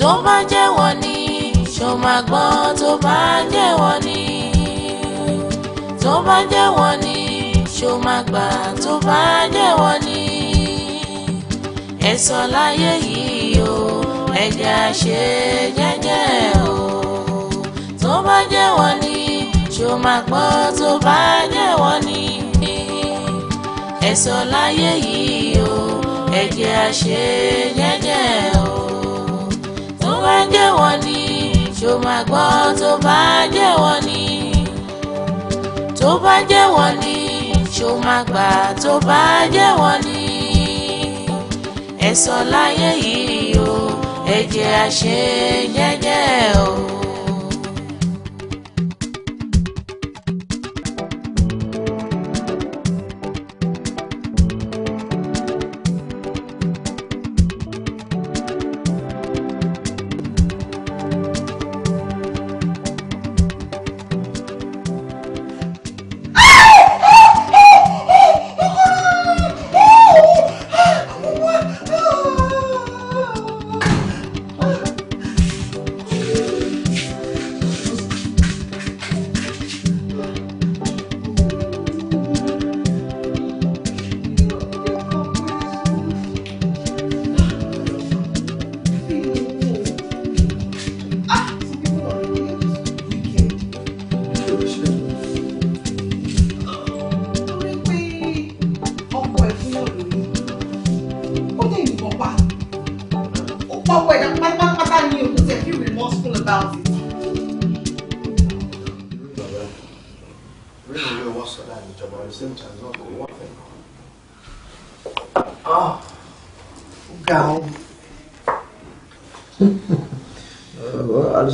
tó bá jẹ́wọ́ ni ṣó máa gbọ́ tó bá jẹ́wọ́ ni tó bá jẹ́wọ́ ni ṣó máa gbà tó bá jẹ́wọ́ ni ẹ sọ láyé yìí o ẹ jẹ́ á jẹ́jẹ́ o tó bá jẹ́wọ́ ni ṣó máa gbọ́ tó bá jẹ́wọ́ ni ẹ sọ láyé yìí o ẹ jẹ́ á jẹ́jẹ́ o bá jẹ́wọ́ ni ṣó máa gbọ́ tó bá jẹ́wọ́ ni tó bá jẹ́wọ́ ni ṣó tó bá jẹ́wọ́ ni ẹ̀sọ́ láyé yìí o ẹ̀jẹ̀ àṣẹ jẹ́jẹ́ o.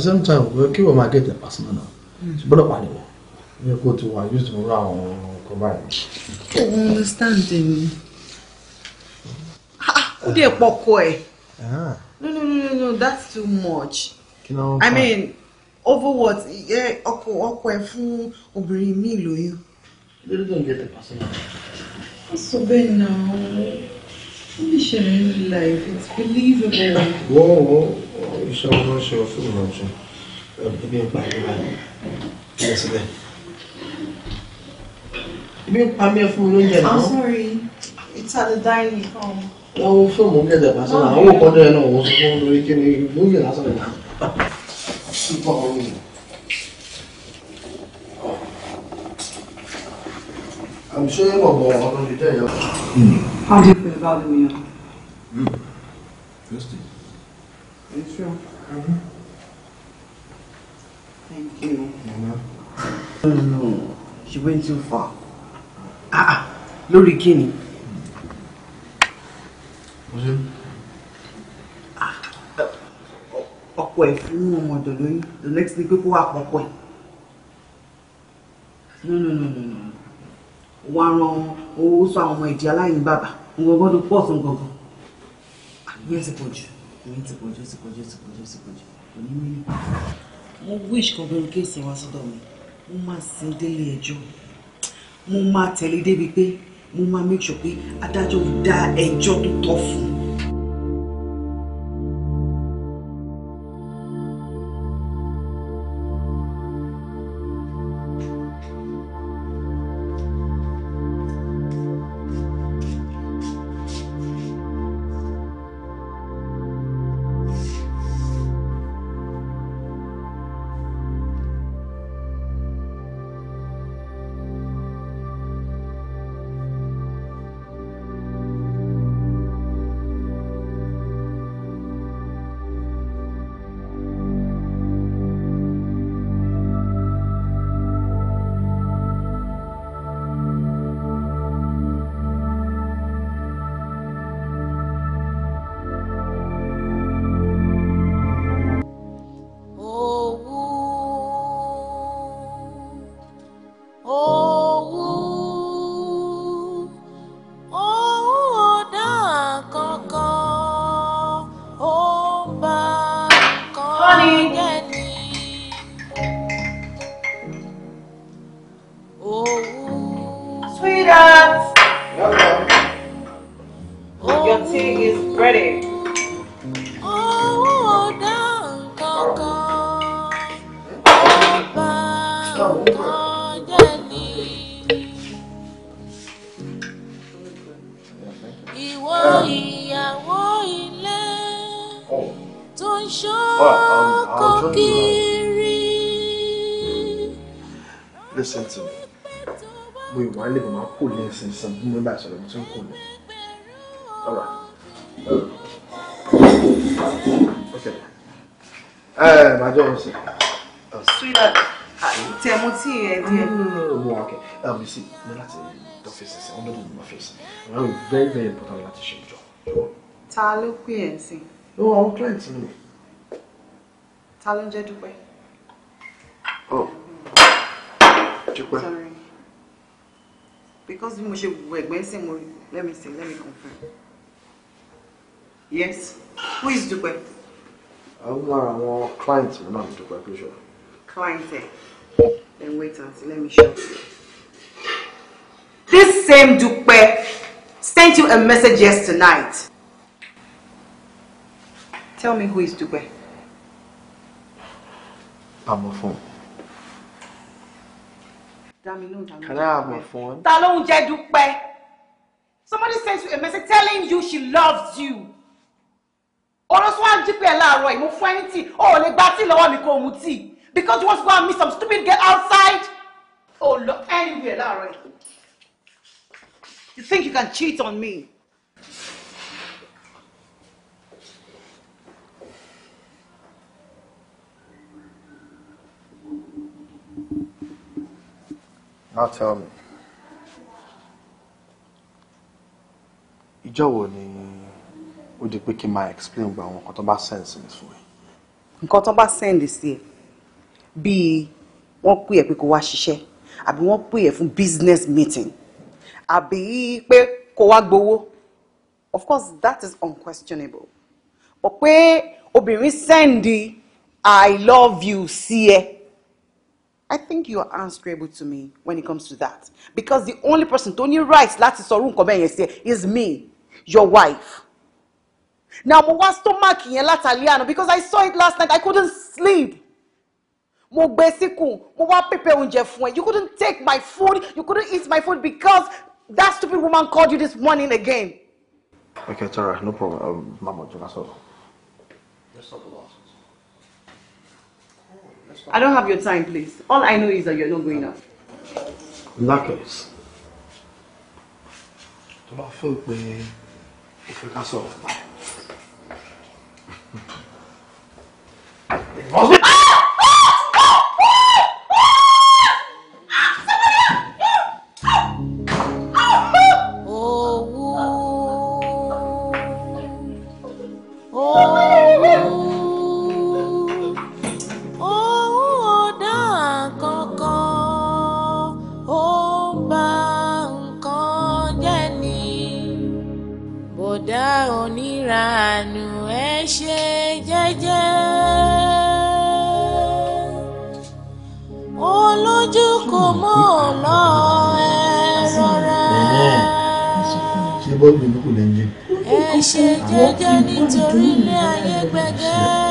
same time kí wọ́n máa get their personal now gbọ́dọ̀ pariwo ní kó ti wà yóò ti mú àwọn ọkọ̀ báyìí. o understand mi ó dé ah. no no no no that's too much i mean over what ọkọ ọkọ ẹ fún obìnrin mi lóyún. lórí tó don't get the personal. wọ́n so bad now. ó lè ṣẹlẹ̀ ní life it's believable. whoa whoa iṣẹ́ wọn máa ń ṣe ọ̀fun ìmọ̀ I'm sorry it's at the dining hall. wọ́n wo fíìmù ní ẹ̀dẹ̀ lásán náà àwọn òkọ́dọ̀ I'm sure you were born How do you feel about the meal? Mm. It's true. Mm-hmm. Thank you. Mama. No, no, no. She went too far. Ah, ah. lórí What's ah, it? ẹ̀ fún ọmọ ọ̀dọ̀ lóyún. The next thing pé kó wà pọ̀pọ̀ No, no, no, no, no. Wọ́n á ran owó sọ àwọn ọmọ ìdí aláìní bàbá. Nǹkan gbọ́dọ̀ pọ̀ sí nǹkan kan. Àbí ah, ẹ̀ ti jù torí ti pọ̀jù ti pọ̀jù ti pọ̀jù ti pọ̀jù kò ní mímí. mo wish kan bẹ̀rù kéèsì wá sọ́dọ̀ mi mo máa sin délé ẹjọ́ mo máa tẹ̀lé débi pé mo máa make sure pé adájọ́ dá ẹjọ́ tó tọ́ fún un. tí ń kù mí. ọ̀rọ̀ ọ̀kẹ́ ẹ̀ máa jọ ọ̀sẹ̀. sweetheart tẹ mo tí ẹ díẹ̀. mo wà kẹ́ ẹ mi sì mo láti ọ́fíìsì very very important láti ṣe ìjọ. ta ló pè ẹ́ sí. ó àwọn client mi. oh dúpẹ́ because bí mo ṣe wù ẹ̀gbẹ́ sí let me see let me confirm yes who is Dúpẹ́. I'm lára àwọn client mi náà ní Dúpẹ́ pé ṣọ. client ẹ then wait until let me show you. this same Dúpẹ́ sent you a message yesterday tell me who is Dúpẹ́. pamọ́ fún phone. Can I have my phone? jẹ́ dúpẹ́? Somebody sent you a message telling you she loves you. Ọ̀rọ̀ sọ wá jí pé ẹ̀ láàárọ̀ ìmú fún ẹni tí o ò lè gba tí lọ́wọ́ mi kò because you want to go and meet some stupid girl outside. Oh lọ anywhere láàárọ̀ You think you can cheat on me? Now tell me. Ìjọ́ wo ni ó di pé kí n máa explain gba àwọn nǹkan tó bá send sí mi fún ẹ? Nǹkan tó bá send sí ẹ bíi wọ́n pè ẹ́ pé kó wá ṣiṣẹ́ àbí wọ́n pè ẹ́ fún business meeting àbí pé kó wá gbowó of course that is unquestionable but pé obìnrin send I love you sí ẹ. I think you are answerable to me when it comes to that because the only person Tony writes right sorun sọ orúkọ is me your wife. Now mo was to yẹn látàlí àná because I saw it last night I couldn't sleep. Mo gbé e mo wa pepe unje fún You couldn't take my food, you couldn't eat my food because that stupid woman called you this morning again. Okay, Tara, no problem. Um, Mama, do you want to Yes, sir. I don't have your time, please. All I know is that you're not going out. Lakers. Tó bá fún pé ìfẹ́ ká sọ̀rọ̀ pa. kò mọ́ ọ̀nà ẹ rọra. ṣé bọ́ọ̀lù ìlú kò lẹ́yìn. ẹ ṣe jẹ́jẹ́ nítorí ilé ayé gbẹ̀gẹ́.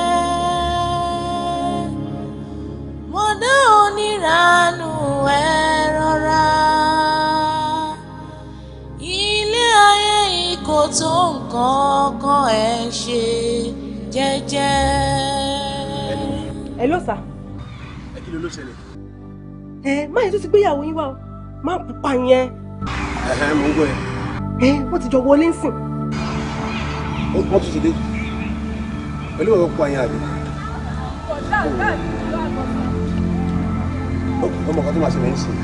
mo dá oníranú ẹ rọra. ilé ayé ikò tó nǹkan kan ẹ ṣe jẹ́jẹ́. ẹ ló sà. ẹ kí ló ló ṣẹlẹ̀ ẹ má yẹn tó ti gbéyàwó yín wá o má pupa yẹn. ẹ ẹ mò ń gbọ́ ẹ. ẹ wọ́n ti jọ wọlé ń sìn. wọ́n tún ti dé pẹ̀lú ọ̀rọ̀ pupa yẹn àbí. ọmọ kan tó máa ṣẹlẹ̀ ń sìn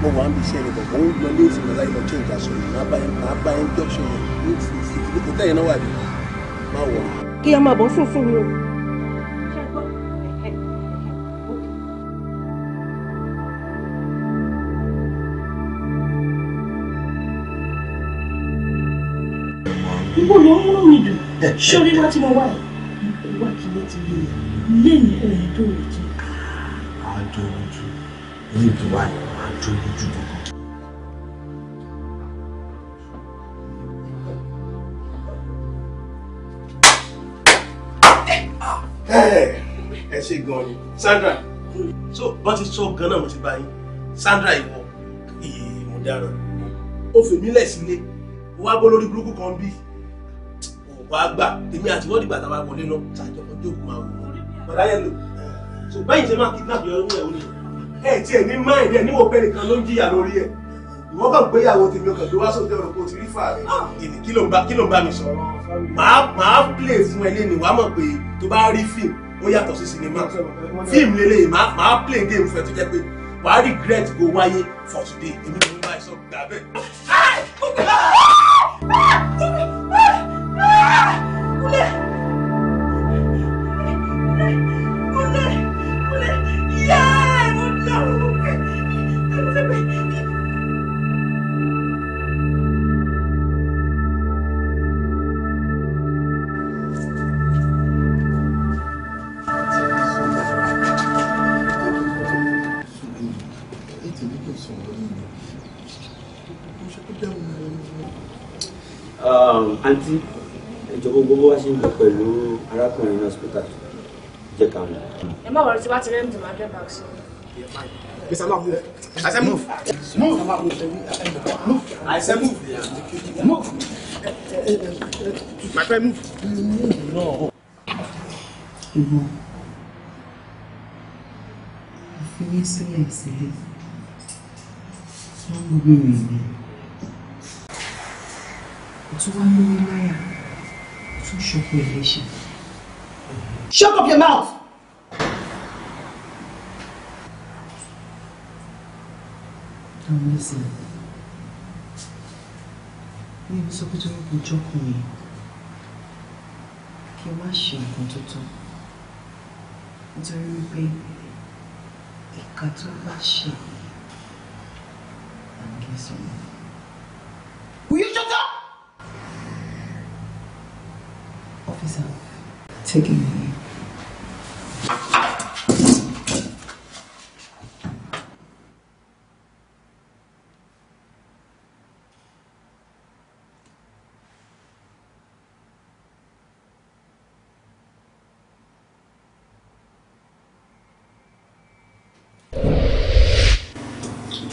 mo wà ń bí iṣẹ́ nìkan mo ń lọ ní ìsìn lọ́la ìlọ change aṣọ yìí máa bá yẹn máa bá yẹn jọ́ṣọ yẹn ní ìsìn ìsìn ìsìn ìtẹ́yìn náà wà bí máa wọ̀. kí a máa bọ̀ fún fún mi o. ìwọ ló ń múnú mi ṣé orí wá tí mo wà yìí wà kí lè ti lè lé ní ohun tó rè jẹ. àádọ́rùn ní ìdúrà àádọ́rùn-ún gbọ̀ngàn. ẹ ṣe gan ni Sandra so bọ́n ti sọ gan náà mo ti bá yín Sandra ìwọ ìmọ̀dára ó fèmí lẹ̀ sílé wàá bọ́ lórí burúkú kan bíi wàá gbà èmi àti wọ́n dìgbà táwa wọlé lọ ṣàjọ ọjọ́ òkú máa wò ó. bàdáyẹ lò ṣùgbọ́n ìṣe máa kidnap yọ owó ẹ̀ ó ní. ẹ ti ẹ ní máì rẹ níwò pé nìkan ló ń jìyà lórí ẹ ìwọ kàn gbéyàwó tèmi ọkàn tó wá sóde ọ̀rọ̀ kó o ti rí fàárẹ. Ah, kí ló ń bá mi sọ màá màá play fún ẹ lẹ́nu wàá mọ̀ pé tó bá rí fíìmù ó yàtọ̀ sí sinimá fíìmù lélẹ́yìn màá play game fún ẹ tó jẹ́ pé wàá regret go wáyé for today èmi ló ń bá ẹ sọ gbà bẹ́ẹ̀. Ah! Ah! 狐狸。má wọ̀rọ̀ tí bá ti rẹ́mi dùn àdé bàg sí. Mr. Lam, move. I said move. Move. Move. I said move. Move. My friend, move. Move. No. Ṣùgbọ́n ìfiyín sílẹ̀ sílẹ̀ wọ́n ń gbé mi ní. Òtún wá lórí láyà tún ṣọ̀pọ̀ ìlẹ́ṣẹ̀. Shut up your mouth! Now listen. Mi ò sọ pé tó kò jókòó mi. Kí n má ṣe nǹkan tó tọ́. Nítorí wípé ìka tó bá ṣe àgbẹ̀ sọ̀rọ̀. Will you shut up? Officer, take a minute.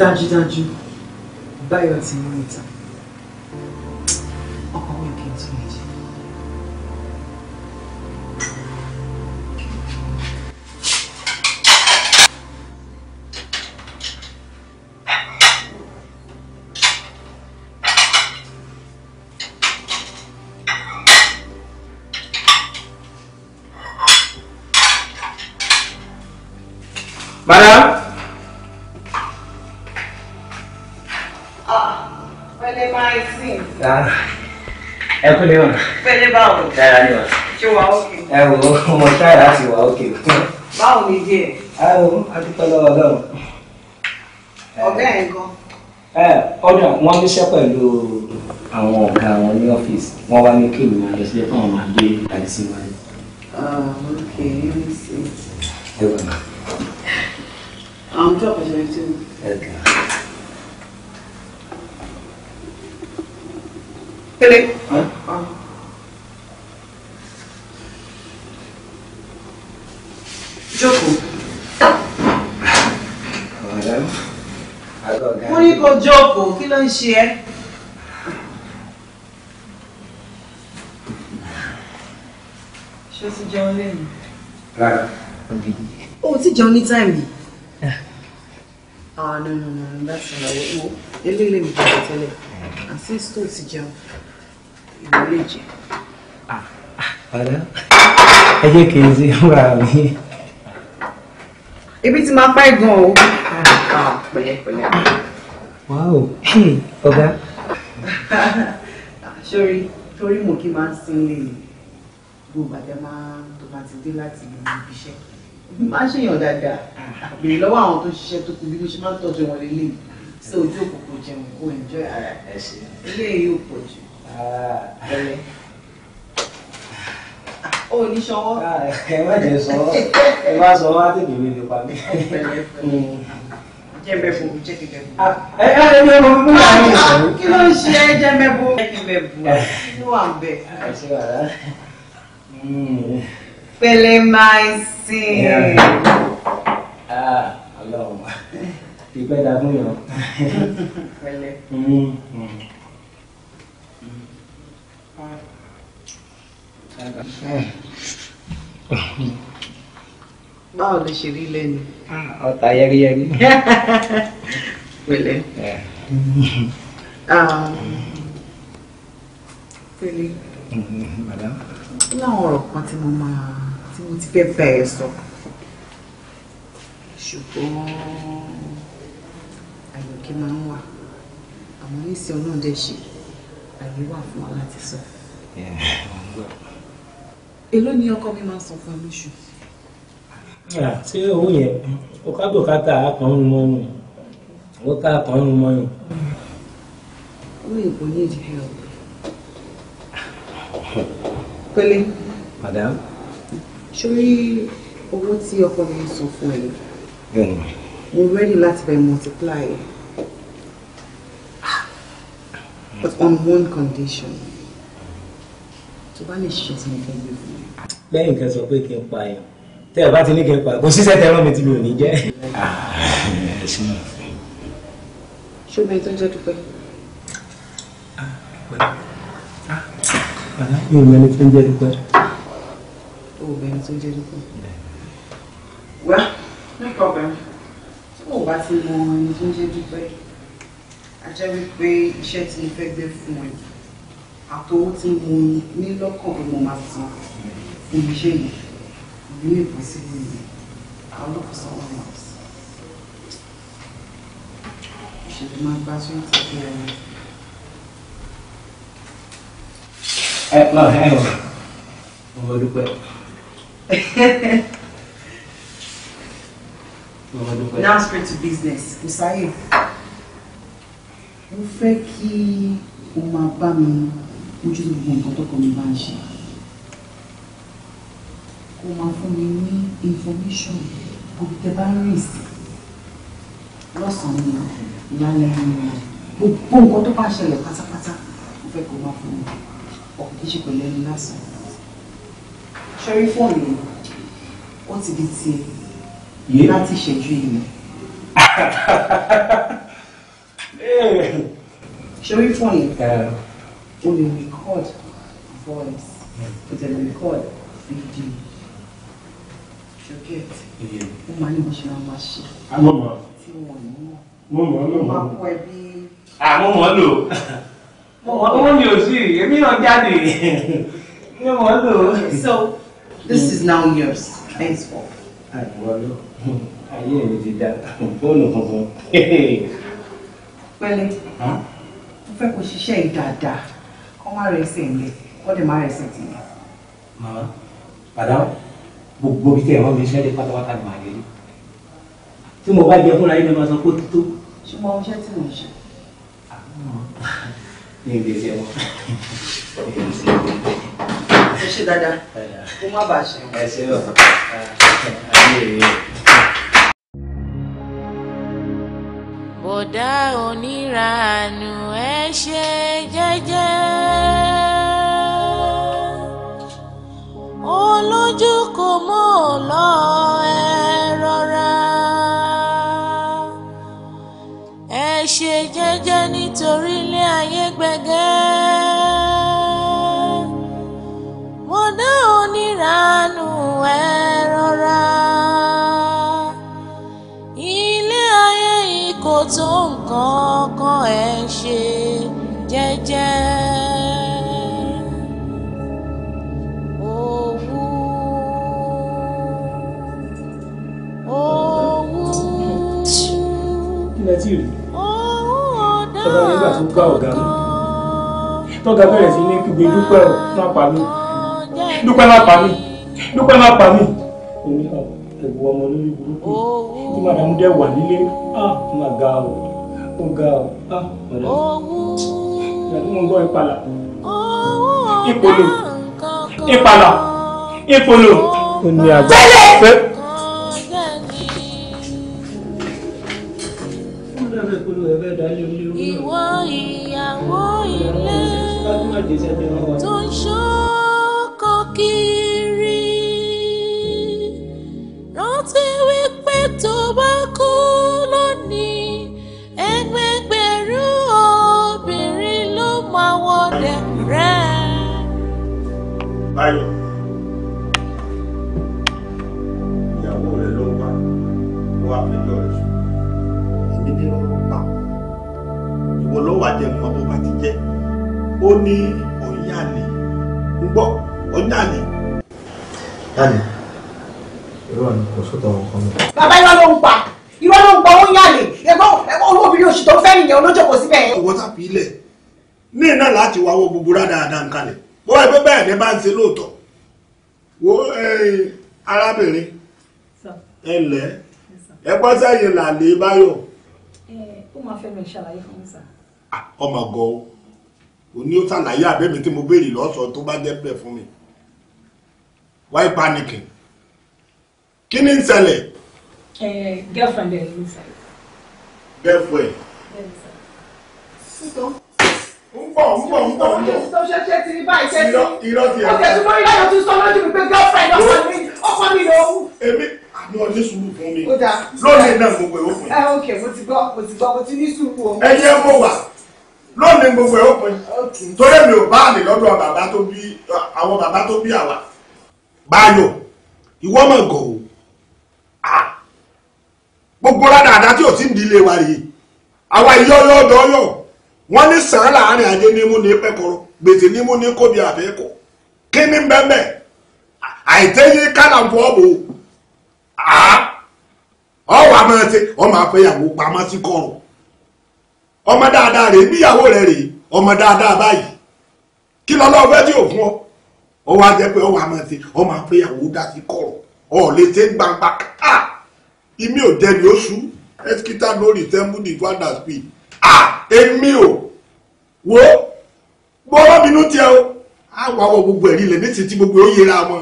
dájúdájú báyọ̀ ti mú ìtàn ọkọ̀ mi kì í tún lè jẹ́. Madam. É o kú lé wọn. É báwo. dára ni wa. ṣé wàá òkè. ẹ wo ọmọ táyà láti wàá òkè. báwo ni O ẹ ah, É. adúpẹ́ lọ́wọ́ Ọlọ́run. ọ̀gá ẹ̀ gan. ẹ ọdún wọn níṣẹ́ pẹ̀lú àwọn ọ̀gá wọn ní ọ́fíìsì wọn wá ní kéwì wọn lọ sílẹ̀ fún àwọn àgbẹ̀ àìsí wọn. ok ẹ wà. àwọn tó àpàṣẹ péré. jókòó. mo ní kó jókòó kí ló ń ṣe ẹ́. ṣé o o ti jẹun ní táìmì. Eh. ah no no no that's not how it works. eléyìí lè mi jẹun tẹ́lẹ̀ and since tó ti ah, Ọ̀dọ́, ah. ẹ jẹ́ kí n ti múra mi. Ibi tí máa pẹ́ gan o. Ah, ah, pẹ̀lẹ́pẹ̀lẹ́. Wáwo, ọ̀gá. Sori, torí mo kí máa ń sinle ni, gbogbo àdá máa tó bá ti dé láti ibi iṣẹ́. Máa ń ṣèyàn dáadáa. Béèrè lọ́wọ́ àwọn tó ṣiṣẹ́ tó ti bí mo ṣe máa ń tọ́jú wọn lélẹ̀. Ṣé ojú òkùnkùn jẹun kó enjoy ara ẹ̀ ṣe? Ilé yìí ò pọ̀ jù o ní sọwọ́. ẹ má jẹ sọwọ́ ẹ má sọ wá tèmi mi nípa mi. jẹ́mbẹ̀bù jẹ́kẹ̀bẹ̀bù. ẹ ẹ ẹ ẹ mọ mi náà yóò sọ. kí ló ń ṣe jẹ́mbẹ̀bù jẹ́kẹ̀bẹ̀bù inú à ń bẹ̀. pẹ̀lẹ́ máa ń sìn. ọlọ́run ìpẹ́ dàgún yàn. pẹ̀lẹ́. ṣe rí lẹ́nu. ọ̀tá yẹ́rìyẹ́rì. pẹ̀lẹ́. pẹ̀lẹ́. láwọn ọ̀rọ̀ kan tí mo máa tí mo ti fẹ́ bá ẹ sọ ṣùgbọ́n àyọ̀kẹ́ máa ń wà àwọn oníṣẹ́ náà dẹ̀ ṣe àyè wà fún wa láti sọ. èló ni ọkọ mi máa ń sọ mi ṣùgbọ́n ṣé owó yẹn ọ̀kábùkátà akọ̀ọ́rùn mọ́nù owó ká akọ̀ọ́rùn mọ́nù. owó èkó ní ìdílé ọ̀ pélé. madam. sórí owó tí ọkọ mi sọ fún ẹ. bẹ́ẹ̀ni. mo rẹ́dí láti bẹ̀ multiply but on one condition tó bá lè ṣiṣẹ́ sí mi fẹ́ gbé fún mi. lẹ́yìn kan sọ pé kí n pa èèyàn tẹ́ ẹ bá ti ní kẹ́ pa kò síṣẹ́ tẹ́ rán mi tí mi ò ní jẹ́. Ah, ṣùgbọ́n ètò ń jẹ́ dúpẹ́. Ah, ah, mi ò mẹ́ni tó ń jẹ́ dúpẹ́. o ò mẹ́ni tó ń jẹ́ dúpẹ́. wá nípa ọ̀gá tí mo bá ti mọ ẹni tó ń jẹ́ dúpẹ́ a jẹ́ wípé iṣẹ́ tí mo fẹ́ gbé fún ẹ àtọwọ́ tí mo ní lọ́kàn pé mo máa san ibi iṣẹ́ yìí really possible in me. I'll look for someone else. You should be my passion to be a... No, hang on. I'm going to quit. Now straight to business. Musaif, mo fẹ́ kí o máa bá mi mójútó gbogbo nǹkan tó kọ́ mi bá ń ṣe kó máa fún mi ní information gbogbo tẹ bá rìn sí lọ́sàn-án ni ìyálẹ̀ ẹ̀rọ gbogbo nǹkan tó bá ṣẹlẹ̀ pátápátá mo fẹ́ kó máa fún mi ọ̀pọ̀ kìí ṣe pẹ̀lú ẹni lásán ṣẹ́rí fóònù yẹn ó ti di tiẹ̀ láti ṣẹ́jú ilẹ̀. ṣẹ́rí fóònù yẹn ó lè record voice ó lè record video ṣọ́gẹ́ẹ̀tì ó máa ní mo ṣe máa ṣe ah, tí wọ́n ní mọ̀ mo máa kọ́ ẹ bí. àmọ́ so this is now yours Thanks for. Ah, ayé mi ti da fóònù kankan. pẹ̀lẹ́ mo fẹ́ kó ṣiṣẹ́ yìí dáadáa kó má rẹ̀ ẹsẹ̀ ń lẹ̀ kó dẹ̀ má rẹ̀ ẹsẹ̀ tì mí. màmá padà gbogbo bí tẹ ẹ̀rọ mi ṣẹlẹ̀ pátápátá ni màá lè rí tí mo bá jẹ fúnra yín mi máa san kó tó. ṣùgbọ́n iṣẹ́ tí mo ṣe. ní ìdè sí ẹ̀wọ̀n. ẹ ṣe dáadáa kó má bàa ṣe. ẹ ṣe lọ. bọ̀dá oníranú ẹ ṣe jẹ́jẹ́ olójú mò lọ ẹ rọra ẹ ṣe jẹ́jẹ́ nítorí ilé ayé gbẹ̀gẹ́ mo dá oníranú ẹ rọra ilé ayé yìí kò tó nǹkan kan ẹ ṣe jẹ́jẹ́. ẹ tí rí tọ́ba nígbà tó gbá ọ̀gá mi tọ́gá bẹ̀rẹ̀ sí ní kígbe dúpẹ́ ọ̀ má pa mí dúpẹ́ má pa mí dúpẹ́ má pa mí omi ah, ẹ̀wù ọmọ lórí burúkú tí màdàmú dẹ̀ wà nílé á ah, má ga ọ̀ ó ga ọ̀ á ah, màdàmú ìyàtí mo ń gbọ́ ìpalà ìpolò ìpalà ìpolò. ó ní agbára dáadáa kalẹ̀ bó wáyé pé bẹ́ẹ̀ ni bá ń ṣe lóòótọ́ wo arábìnrin ẹ lẹ́ ẹ gbọ́ sẹ́yìn làlẹ́ báyọ̀. ó máa fẹ́ mi ṣàlàyé fún mi sà. ọmọ gan o ò ní ó ṣàlàyé àbẹ́mi tí mo béèrè lọ́sọ̀ọ́ tó bá jẹ́ bẹ́ẹ̀ fún mi wáyé pánìkì kí ni ń ṣẹlẹ̀. girlfriend ẹ̀ ló ń ṣẹlẹ̀. girlfriend ń bọ̀ ń bọ̀ ń bọ̀ ń bọ̀. ṣé ṣe ti rí báyìí ṣe ti. irọ́ ti ẹ̀rọ. ọ̀kẹ́ tí mo rí láyọ̀ tún sọ lójú mi pé girlfriend ọkọ mi ọkọ mi ló wù. èmi àmì ọ̀ní sùúrù fún mi. ó dáa lónìí náà gbogbo ẹ̀ ó fún mi. ẹ eh, ok mo ti gbọ́ mo ti gbọ́ mo ti ní sùúrù o. ẹyẹ mo wà lónìí gbogbo ẹ̀ ó fún mi. torí mi ò bá àlè lọ́dọ̀ bàbá tó bí àwọn bàbá tó bí àwa. báyọ̀ ìwọ mọ̀ gọ̀ o gbogbo rádàdà tí ò sí ìdílé wa rèé àwa ìyọ́yọ́ ọ̀dọ́ yọ̀ wọ́n ní sàn láàrin ajé nímú ní pẹ́kọ̀rọ̀ gbèsè nímú ní kóbi àfẹ́kọ̀ kí ní bẹ́ẹ̀ àìtẹ́yẹ kálàfọ́ bò ó ọwọ́ àmọ́ ṣe ọmọ àfẹ́yàwó pamọ́ sí kọ̀rọ̀ ọmọ dáadáa rèé bíyàwó rẹ̀ rèé ọmọ dáadáa báyìí kí lọ́lọ́ fẹ́ tí ò fún ọ ọwọ́ ajẹ́ pé ọwọ́ àmọ́ ṣe ọmọ àfẹ́yàwó dá sí kọ̀rọ̀ ọ̀ lè ṣe gbangba ká ìmí ò jẹ́ ni ó sú ẹ́sìkítà lórí tẹ́ḿbù ní fúadà speed à èmi ò wo gbọ́rọ́ bínú tiẹ̀ o á wà wọ gbogbo ẹ̀rí lẹ̀ níṣẹ́ tí gbogbo ó yẹra wọn.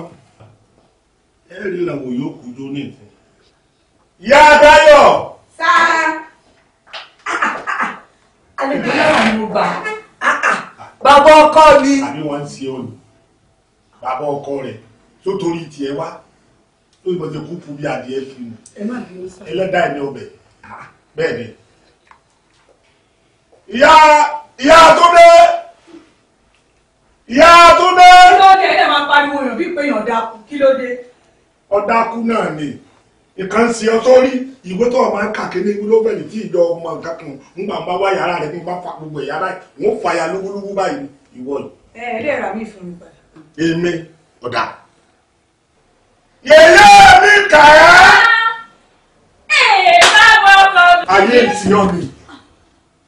ẹ rí làwọn yóò kú tó ní ìfẹ́. yá Dayọ̀. sá àlejò náà ni mo gbà bàbá ọkọ ni. àbí wọn ń ṣe òní bàbá ọkọ rẹ tó torí tiẹ̀ wá tó ìbọn ti kú bí adìẹ fi mu ẹlẹ́dàá ẹni ọbẹ̀ bẹ́ẹ̀ ni ìyá ìyá àtúndé ìyá àtúndé. kí ló dé ẹ máa pariwo èèyàn bíi pé èèyàn dákú kí ló dé. ọ̀dákú náà ni nǹkan sí ọ tó rí ìwé tó ọmọ ń kà kéde ló bẹ̀rẹ̀ tí ìjọ ọmọ nǹkan kan ń gbà ń bá wá yàrá rẹ̀ bí n bá fa gbogbo yàrá rẹ̀ wọ́n fa ya lúgúlúgú báyìí ìwọ yìí. ẹ ẹ lè rà mí fún mi padà. èmi ọ̀dà. yèyé mi kà á. Ah! ẹ bá ayé ìsìn ọ̀gbìn.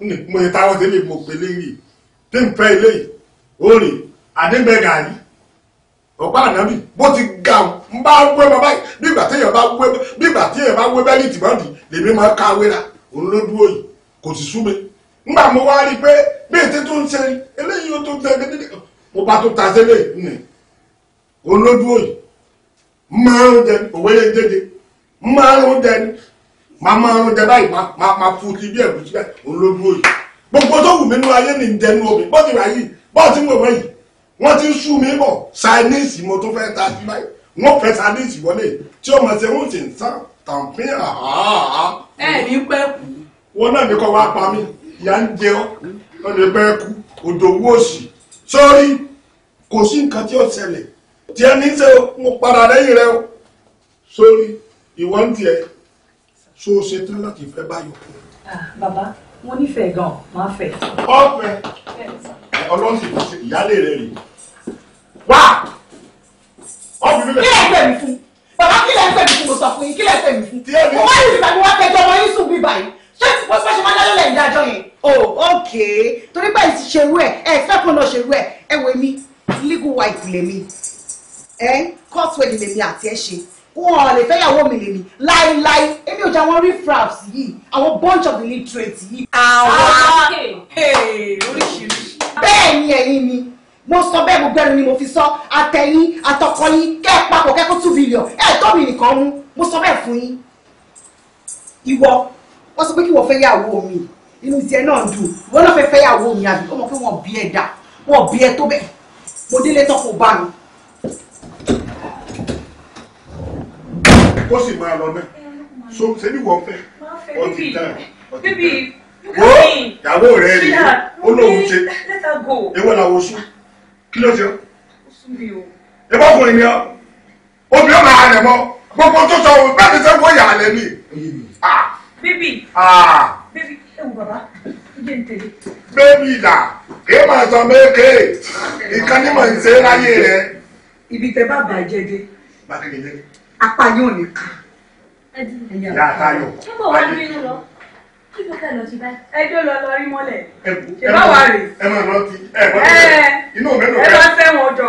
mo yẹ táwọn tẹ́lẹ̀ mo pè léyìí tí n fẹ́ eléyìí orin àdégbẹ́gà yìí ọ̀pá ànábì bó ti ga ń bá wé ma báyìí bígbà téèyàn bá wé bígbà téèyàn bá wé bẹ́lí tìmọ́ọ̀dì lèmi máa ka wéra òun ló dúró yìí kò sì sú mi ńgbà mo wá rí i pé bí ètè tó ń ṣe eléyìí ó tó ń tẹ́lẹ̀ dídí mo bá tó ta sílẹ̀ nì òun ló dúró yìí máa ń jẹ òwe yẹn jẹjẹ máa ń jẹ máa máa ń jẹ báyìí máa máa fún ti bí ẹ̀gúsí bẹ́ẹ̀ òun ló dúró yìí gbogbo tó wù mí nínú ayé ní ìdẹnu omi bó ti rà yìí bó ti wèwé yìí wọ́n ti ń mi bọ̀ ṣáínísì mo tó fẹ́ ta sí báyìí wọ́n fẹ́ ṣáínísì wọlé tí ọmọ ṣe wọ́n ti ń sá tàǹpín àhàhà. ẹ ní pẹ́ kú. wọn náà ní kọ́ wá pa mí ìyá ń jẹ ọ́ wọn ní pẹ́ kú òdòwú òsì sọ́rí kò sí nǹkan tí ó ṣẹlẹ̀ tí ẹ mo padà lẹ́yìn rẹ o sórí ìwọ́n tiẹ̀ so o ṣe tán láti fẹ́ báyọ̀. bàbá mo nífẹ̀ẹ́ gan máa fẹ́. ọ̀pẹ ọlọ́run sì ti ìyáálé rẹ̀ rè wá ọ̀bùnú bẹ̀rẹ̀. kí lè fẹ́ mi fún bàbá kí lè fẹ́ mi fún mo sọ fún yín kí lè fẹ́ mi fún. mo wá yìí ìgbà mi wá kẹjọ ọmọ yín sùn bí báyìí ṣé tí wọ́n ṣe máa dájọ́ lẹ́yìn yẹn. o oh, ok torí báyìí ti ṣerú ẹ ẹ fẹ́ kó lọ ṣerú ẹ ẹ wẹ̀ mí legal wife lèmi ẹ court wedding lèmi àti ẹ ṣe wọn lè fẹ́yàwó mi lè mi láíláí èmi ò jẹ́ àwọn refraps yìí àwọn bunch of illiterates yìí. àwọn ah, oríṣiríṣi. bẹ́ẹ̀ ni ẹ̀yin ni mo sọ bẹ́ẹ̀ mo gbẹ́rù ni mo fi sọ àtẹ̀yìn àtọkọyìn kẹ́ ẹ papọ̀ kẹ́kọ̀ọ́ two billion ẹ̀ tó mi nìkan mú mo sọ bẹ́ẹ̀ fún yín. ìwọ wọ́n sọ pé kí wọ́n fẹ́ yàwó mi inú tiẹ̀ náà dùn wọ́n náà fẹ́ fẹ́ yàwó mi àbí wọ́n mọ̀ pé wọ́n bí ẹ̀ dà wọ́n bí ẹ̀ tó bẹ́ẹ̀ mo délé tán kò bá mi kó sì máa lọ náà so ṣebí wọ́n fẹ́ ọtí tán ọtí tán wo ìyàwó rẹ rèé ó lóun ṣe ewé làwọn oṣù kí ló ṣe ọ ewé ọkùnrin ni ọ obìnrin máa rẹ mọ gbogbo tó sọ òun bẹ́ẹ̀ ti sẹ wọ yàrá lẹni. bébì bébì ẹ wù bàbá ìjẹ ń tẹ̀lé. bébì là kí màá sọ méèké ìkànnì màá ń ṣe láyé rẹ. ibi tẹ bá bàjẹ́ dé. bàjẹ́ dé apá yóò ní kú. ìyá àtayọ ayé ẹjọ́ lọ lọ rí mọ́lẹ̀ ṣèbá wà rè. ẹ máa lọ ti ẹ bọ́ tẹ̀lé inú mi lò bẹ́ẹ̀. ẹ bá sẹ́wọ̀n jọ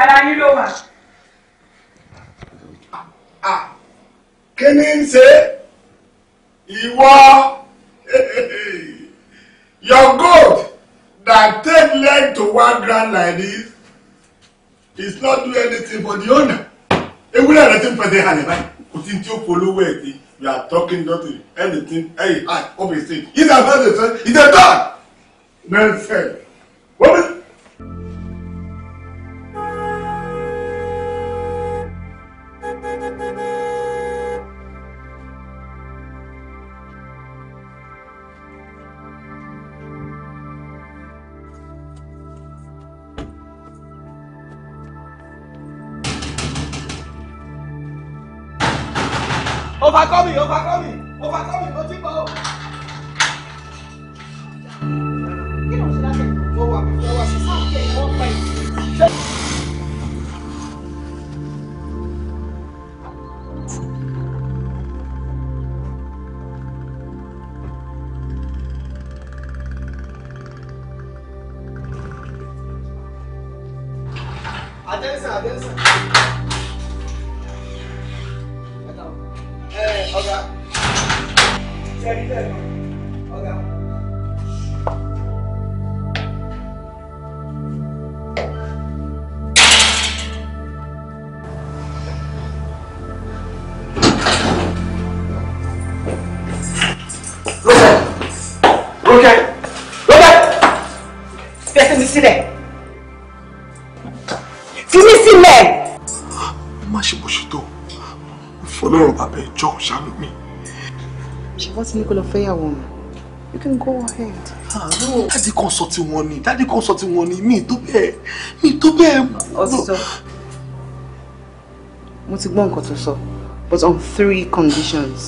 ara yín ló wà. kí ni ń ṣe ìwọ your goat that take leg to one grand like this is not do anything for the owner ewúrẹ́ rẹ ti ń pẹ̀tẹ́ halẹ̀ báyìí kò tí ń tí ó polówó ẹ̀ tí you are talking nothing anything hey hi obviously it's about the sun it's a dog nonsense. ọlọ́run bàbá ẹjọ́ ṣàánú mi. ṣe wọ́n ti ní kó lọ fẹ́yàwó you can go ahead. Ah, dádì kan sọ tí wọ́n ní dádì kan sọ tí wọ́n ní mi tó bẹ́ẹ̀ mi tó bẹ́ẹ̀. ọtítọ́ mo ti gbọ́ nǹkan but on three conditions.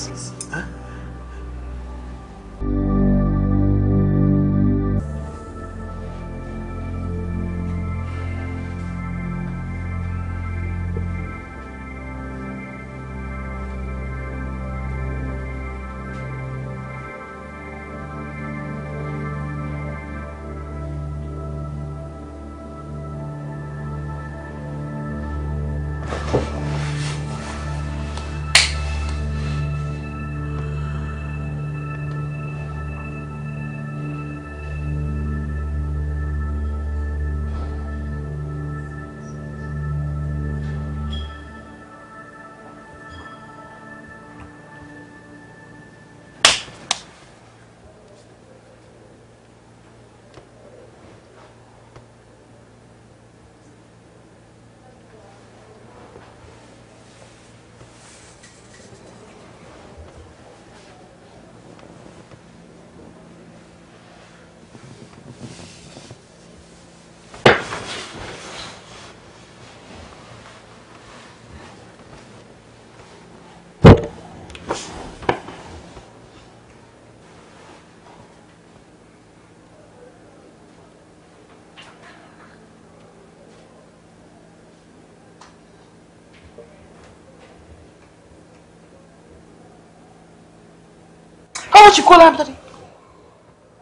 much you call am daddy?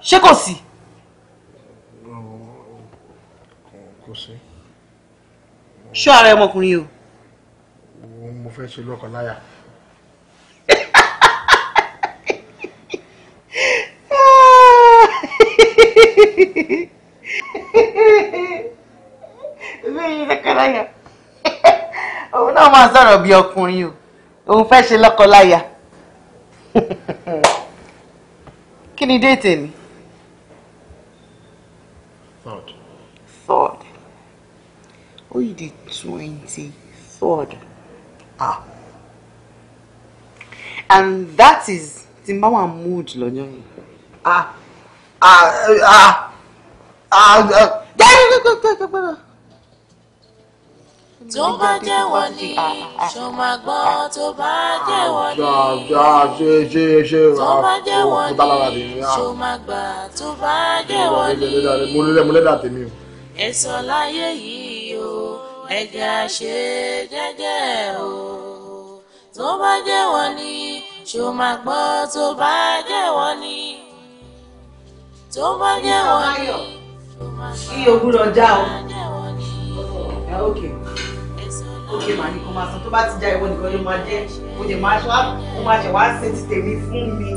ṣé kò sí? kò sí. ṣọ́ ara ẹ ọmọkùnrin o. mo fẹ́ ṣe lọ́kàn láyà. lẹ́yìn lọ́kọ̀láyà òun náà máa sọ̀rọ̀ bí ọkùnrin o òun fẹ́ ṣe lọ́kọ̀láyà. Can ni date ni. third. third ó yìí di twenty third ah and that is ti n bá wà mood lọ́jọ́ yìí. ah ah ah ah. ah tó bá jẹ́wọ́ ni ṣó máa gbọ́ tó bá jẹ́wọ́ ni tó bá jẹ́wọ́ ni ṣó máa gbà tó bá jẹ́wọ́ ni èso láyé yìí o ẹ̀jẹ̀ àṣẹ jẹ́jẹ́ o tó bá jẹ́wọ́ ni ṣó máa gbọ́ tó bá jẹ́wọ́ ni tó bá jẹ́wọ́ ni ṣó máa gbọ́ tó bá jẹ́wọ́ ni òkè màá ní kó máa san tó bá ti já ìwọ nìkan ló máa jẹ́ kó dé máa ṣọ́ kó máa ṣẹ̀ wá ṣe ti tèmi fún mi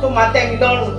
tó máa tẹ́ mi lọ́rùn.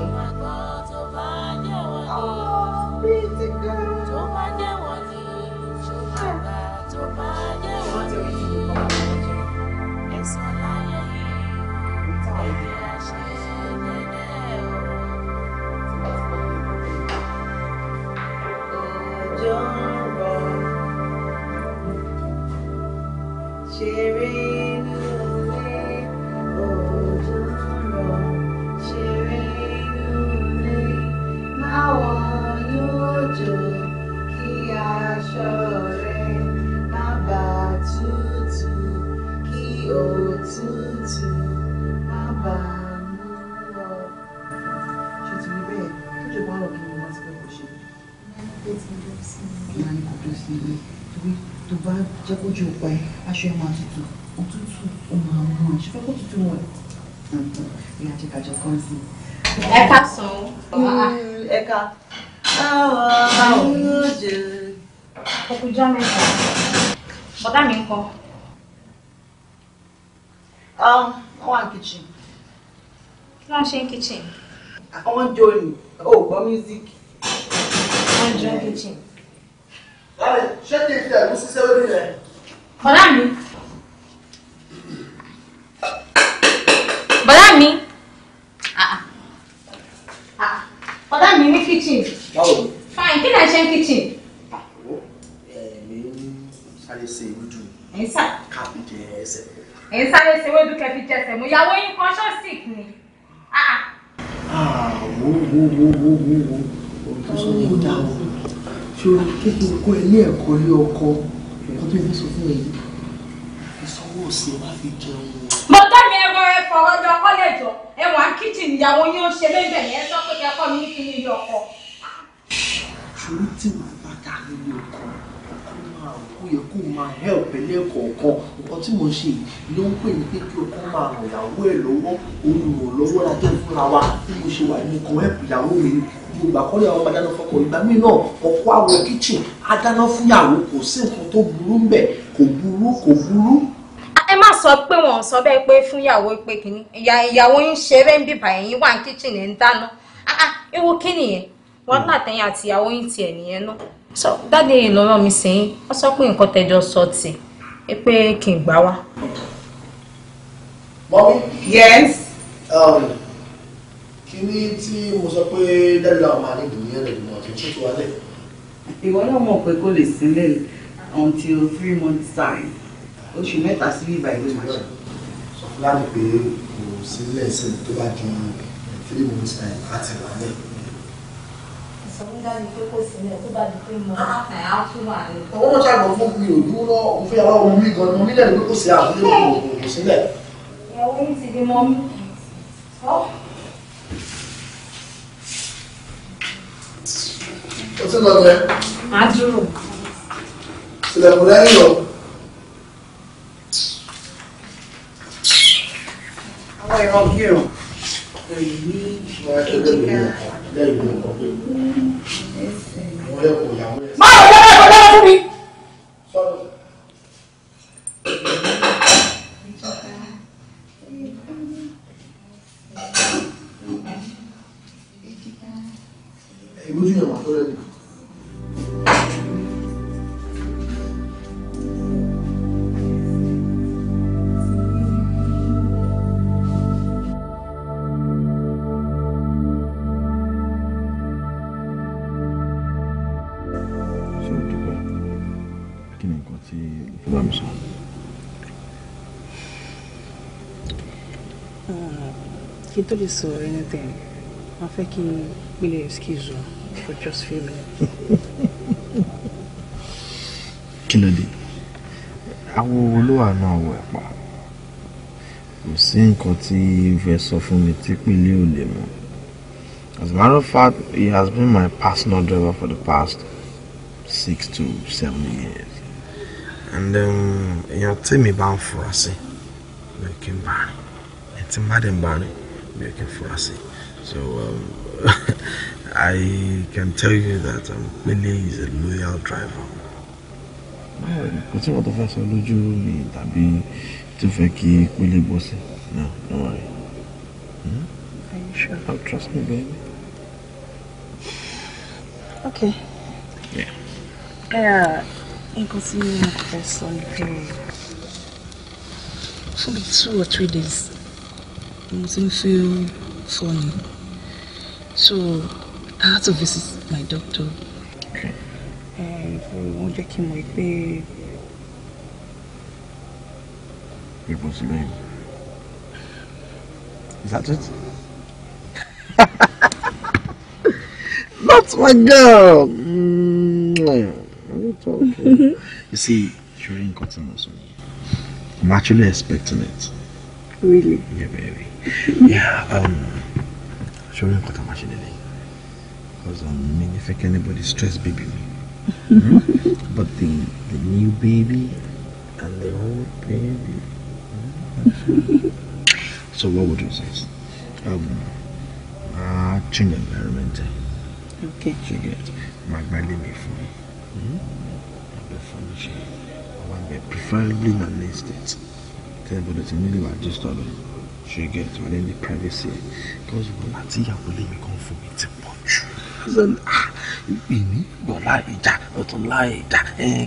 jẹ́ kójú ọ̀pá ẹ̀ aṣọ ẹ̀ máa tutù òtútù ó máa mú ṣe fẹ́ kó tutù wọ̀ ẹ ká sàn ó. Hmm, ẹ ká báwo báwo ló ṣe. ọkùnjọ́ mẹ́ta bọ́dá mi ń kọ́. Um, wọ́n wà ní kí wọ́n ṣe ń àwọn jọ ni ó gbọ́ music. wọ́n jọ kitchen. Láàrin, ṣé kí n fi ẹ̀rú sí sẹ́wébí rẹ̀? Bọ̀dá mi. Bọ̀dá mi. Bọ̀dá mi Fine, kí ni ẹ ṣe ń kíchìn? Àwọ̀ ẹ̀mí ń sáré ṣe ìrújú. Ẹ̀ ń sá. Káàpì jẹ ẹsẹ̀. Ẹ̀ ń sáré ṣe wédú kẹfí jẹsẹ̀ mú. Ìyàwó yín kan ṣọ́ọ̀sìk ni. Àwọ̀ wo wo wo wo wo ohun tó ṣòro kékeré kó ilé ẹ̀kọ́ lé ọkọ ẹ̀kọ́ tó yẹ sọ fún mi ìsanwó ọ̀sẹ̀ wá fi jẹun. mo tẹ́ mi ẹ̀rọ ẹ fọwọ́ jọ kọ́lẹ̀jọ ẹ̀wọ̀n kíchìn ìyàwó yín ó ṣe lébẹ̀ yẹn sọ pé ẹ̀kọ́ mi fi ní ilé ọkọ. ṣòro tí wọ́n bá ta nílé ọkọ ó yẹ kó máa help ẹlẹ́kọ̀ọ̀kan nǹkan tí mo ń ṣe ló ń pè ní pé kí ọkọ máa ràn ìyàwó ẹ̀ lọ́wọ́ olùrànlọ́wọ́ gbogbo ìgbà kọ́lé àwọn máa dáná fọ́kọ ìgbà míì náà ọkọ àwọ kíchìn á dáná fúnyàwó kò sí nǹkan tó burú ń bẹ̀ kò burú kò burú. ẹ má sọ pé wọn sọ bẹ́ẹ̀ pé fúnyàwó pé kìíní ìyàwó ń ṣeré ń bìbà ẹ̀yìn wà ní kíchìn ẹ̀ ń dáná ewu ah, ah, kí nìyẹn wọn látẹ̀yìn àti ìyàwó yín tiẹ̀ nìyẹn náà. sọ dáadé yìí lọ́rọ̀ mi sẹ́yìn wọ́n sọ pé nǹkan tẹ́jọ sọ tì é pé kì í gbá wa. mọ́mí. yes. Um, kíní tí mo sọ pé dábìlà ọmọ àlè dùn yẹn lè mọ kí n tó wálẹ̀. ìwọ náà mọ̀ pé kò lè sílẹ̀ until three months time oṣù mẹ́ta sí bíbá ìwé màá ṣe. sọ fún láti pé kò sílẹ̀ ìṣẹ̀lẹ̀ tó bá di three months time àti wálẹ̀ ah, ah, ah, owó tí a gbọ́ fún mi ò dúró mo fẹ́ yàrá omi gan mo nílẹ̀ ló kó sí àbúrò kò sílẹ̀. ìyàwó yìí ti di mọ́ mi. ó tún lọ bẹ. màá dúró. sílẹ̀kùn lẹ́yìn lọ. àwọn ìran kírun èyí èjìká ẹsẹ̀. apologies or anything. I think you will excuse her for just a few minutes. Kí ló dé? Awo olówó àná àwọ̀ ẹ̀pà. Kò sí nǹkan tí ìfẹ́ sọ fún mi tí pínlẹ̀ ò lè mọ̀. As a matter of fact, he has been my personal driver for the past six to seven years. And um, èèyàn tí mi bá ń fura sí ló kí n bá rìn. Ẹ̀ tí n bá ń bá rìn making fussy. So um, I can tell you that um, Pele is a loyal driver. kò sí wọn tó fẹ́ sọ lójú mi tàbí tó fẹ́ kí Pele bọ́ sí no no worry. Hmm? Are you sure? Oh, trust me baby. Okay. Yeah. Yeah, nǹkan tí mo fẹ́ sọ ni pé fún bíi two or three days mo ti ń feel funny so I had to visit my doctor. wọ́n jẹ́ kí n mọ̀ pé. People see me. Is that it? That's my girl. Mm-hmm. you see, you're in cotton also. I'm actually expecting it. Really? Yeah, baby. yeah, um, Shorin got a machine Because um, if I can anybody stress baby mm? But the, the new baby and the old baby. Hmm? so what would you say? Um, uh, change environment. Okay. Change it. My belly me for me. Hmm? Preferably in an estate. Tell me that you need to just all of ṣe get wọn ní privacy because wọn láti ìyàwó lèmi kan fún mi ti pọ̀ jù ah, ìní gbọ̀lá ìjà ọ̀túnlá ìjà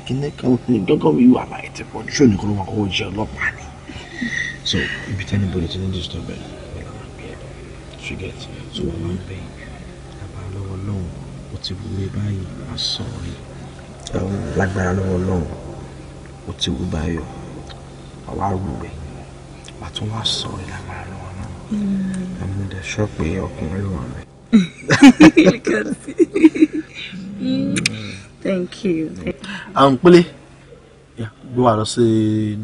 kíní kan ní gángan mi wà láì ti pọ̀ jù ṣé òníkan ló máa kọ́kọ́ jẹ ọlọ́pàá ni so ibi tẹ́ni bọ́lá ti ní disturb ẹ̀ ẹ̀ lọ́wọ́ bí ẹ̀ ṣe get so wọn máa ń bẹ̀ àbá lọ́wọ́ lọ́wọ́ o ti wù mí báyìí a sọ̀rọ̀ yìí lágbára lọ́wọ́ lọ́wọ́ o ti wù báyìí àwa rù bẹ́ẹ̀ a tún wá sọ ìlànà àlọ́ wa náà àmì ìdẹ̀ ṣọ́ọ̀pù ọkùnrin wà mí. thank you. àwọn um, pélé gbé wa lọ sí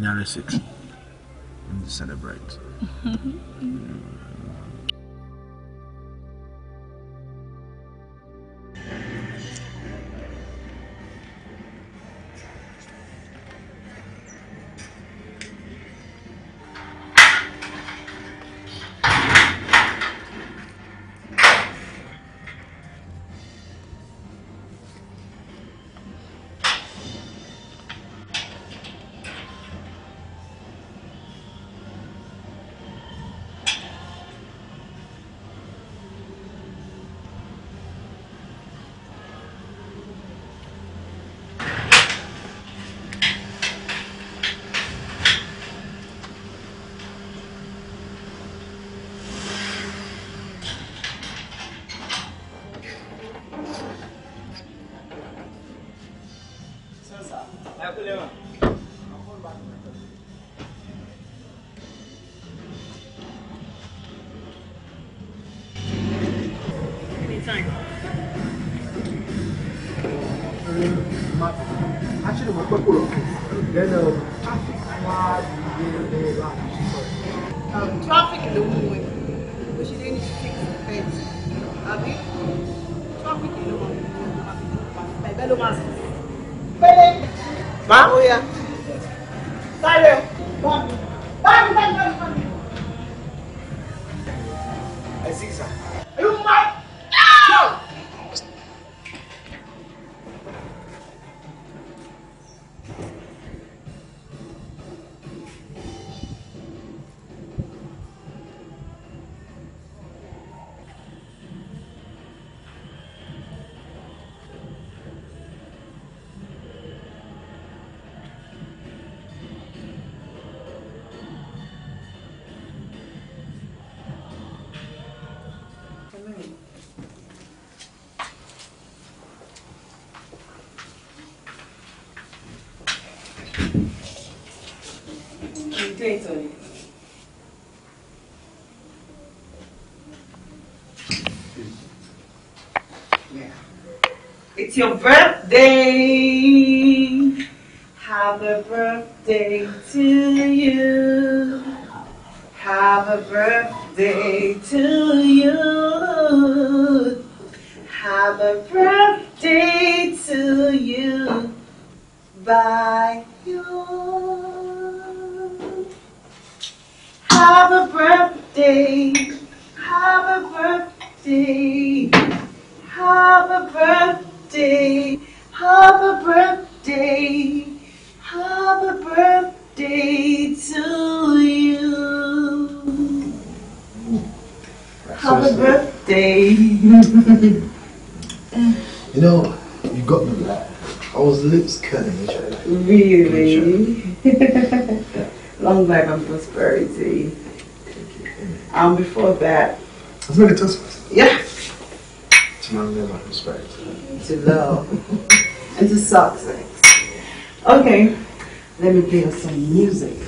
naira and celebrate. Mm -hmm. your birthday. Have a birthday to you. Have a birthday to you. Have a birthday to you. By you. Have a birthday. Have a birthday. Have a birthday birthday, a birthday, Have a birthday to you. Have a birthday. you know, you got me there. I was lips curling each other. Really? Long life and prosperity. Thank you. And um, before that. Let's make a toast. Yeah. To long live and prosperity to love and to success. Okay, let me play some music.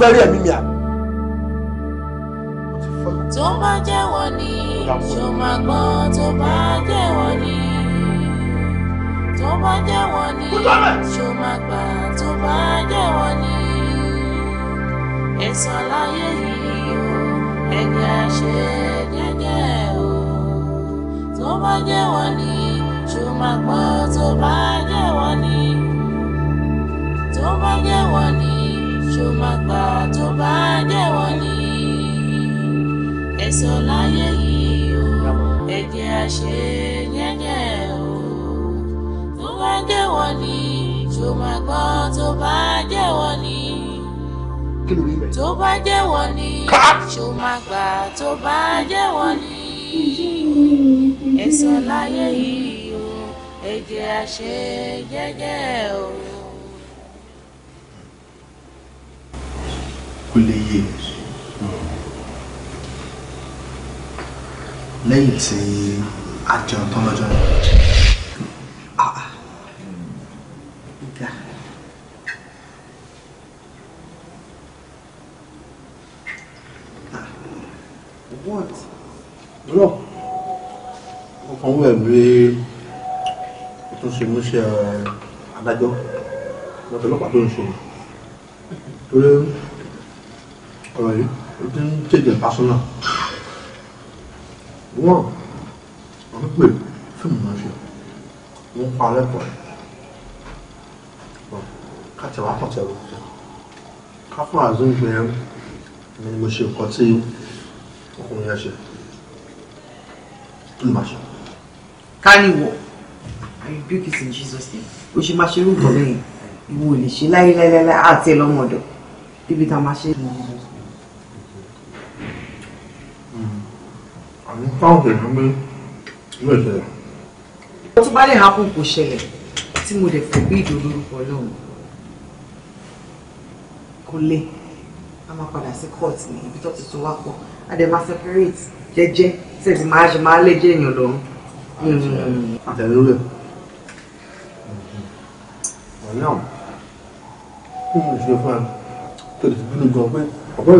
Very rí à sọ láyé yìí o ẹ jẹ́ a ṣe jẹ́jẹ́ o tó bá jẹ́wọ́ ni ṣó máa gbọ́ tó bá jẹ́wọ́ ni tó bá jẹ́wọ́ ni ṣó máa gbà tó bá jẹ́wọ́ ni ẹ sọ láyé yìí o ẹ jẹ́ a o. lẹ́yìn tí a jẹun tán lọ́jọ́ yẹn. Ah, ah. Ah. What? Bro, tún ṣe mú ṣe adájọ́ lọ́pọ̀lọpọ̀ tó ń ṣe. Torí ọ̀rọ̀ yìí, o ti ń tètè pásọ́nà wọ́n ń pè fíìmù náà ṣe wọ́n ń pa lẹ́kọ̀ọ́ ẹ̀ kátẹ̀wá kọ̀tẹ̀wá ká fún àzún ìgbẹ́ ẹ̀rú ni mo ṣe nǹkan tí ọkùnrin yẹn ṣe kí ló máa ṣe. ká ní wọ I rebuke it in Jesus name o ṣe máa ṣe irú nǹkan lẹ́yìn ìwọ ò lè ṣe láyé láyé láyé àti ẹ̀ lọ́mọdọ̀ débi tá a máa ṣe é. àmì táwọn èèyàn gbé ilé ìṣẹ̀lẹ̀. ó tún bá lè hapun kò ṣẹlẹ̀ tí mo dẹ̀ fẹ́ bí ìdòdórúkọ ọlọ́run kò lè a máa padà sí court ní ibi tó ti tún wá pọ̀ a dẹ̀ máa separate jẹ́jẹ́ tí ti máa ṣe máa lè jẹ́ èèyàn lọ́rùn. àtẹ̀lé hmm. rẹ̀ ọ̀nà kí mo ṣe fún ẹ tó ti bínú gan pé ọ̀pẹ́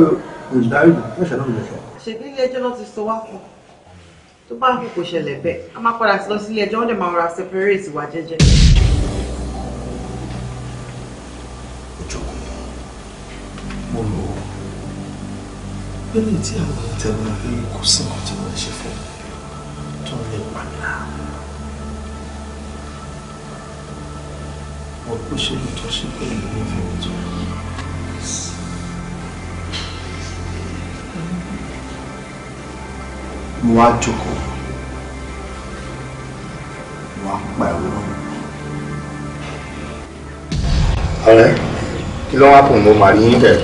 olùdarí ìṣẹ̀lẹ̀ ìṣẹ̀lẹ̀. ṣèbí ilé ẹjọ́ ló ti sọ wá fún tó bá kú kò ṣẹlẹ̀ bẹ́ẹ̀ a máa padà lọ sílé ẹjọ́ wọ́n dẹ̀ máa ra separate wa jẹ́jẹ́. ojogun mo rò ó lẹ́yìn tí àwọn ìtẹ̀wé pé kò sí nǹkan tí wọ́n ṣe fún tó lè pàdà mo pèsè lóòótọ́ pé ìlú ìfẹ́ òótọ́ yìí. mo wá jókòó mo wá pa ẹ̀rọ lọ́wọ́. ọ̀rẹ́ kí ló wá pọ̀ mo máa rí yín kẹ̀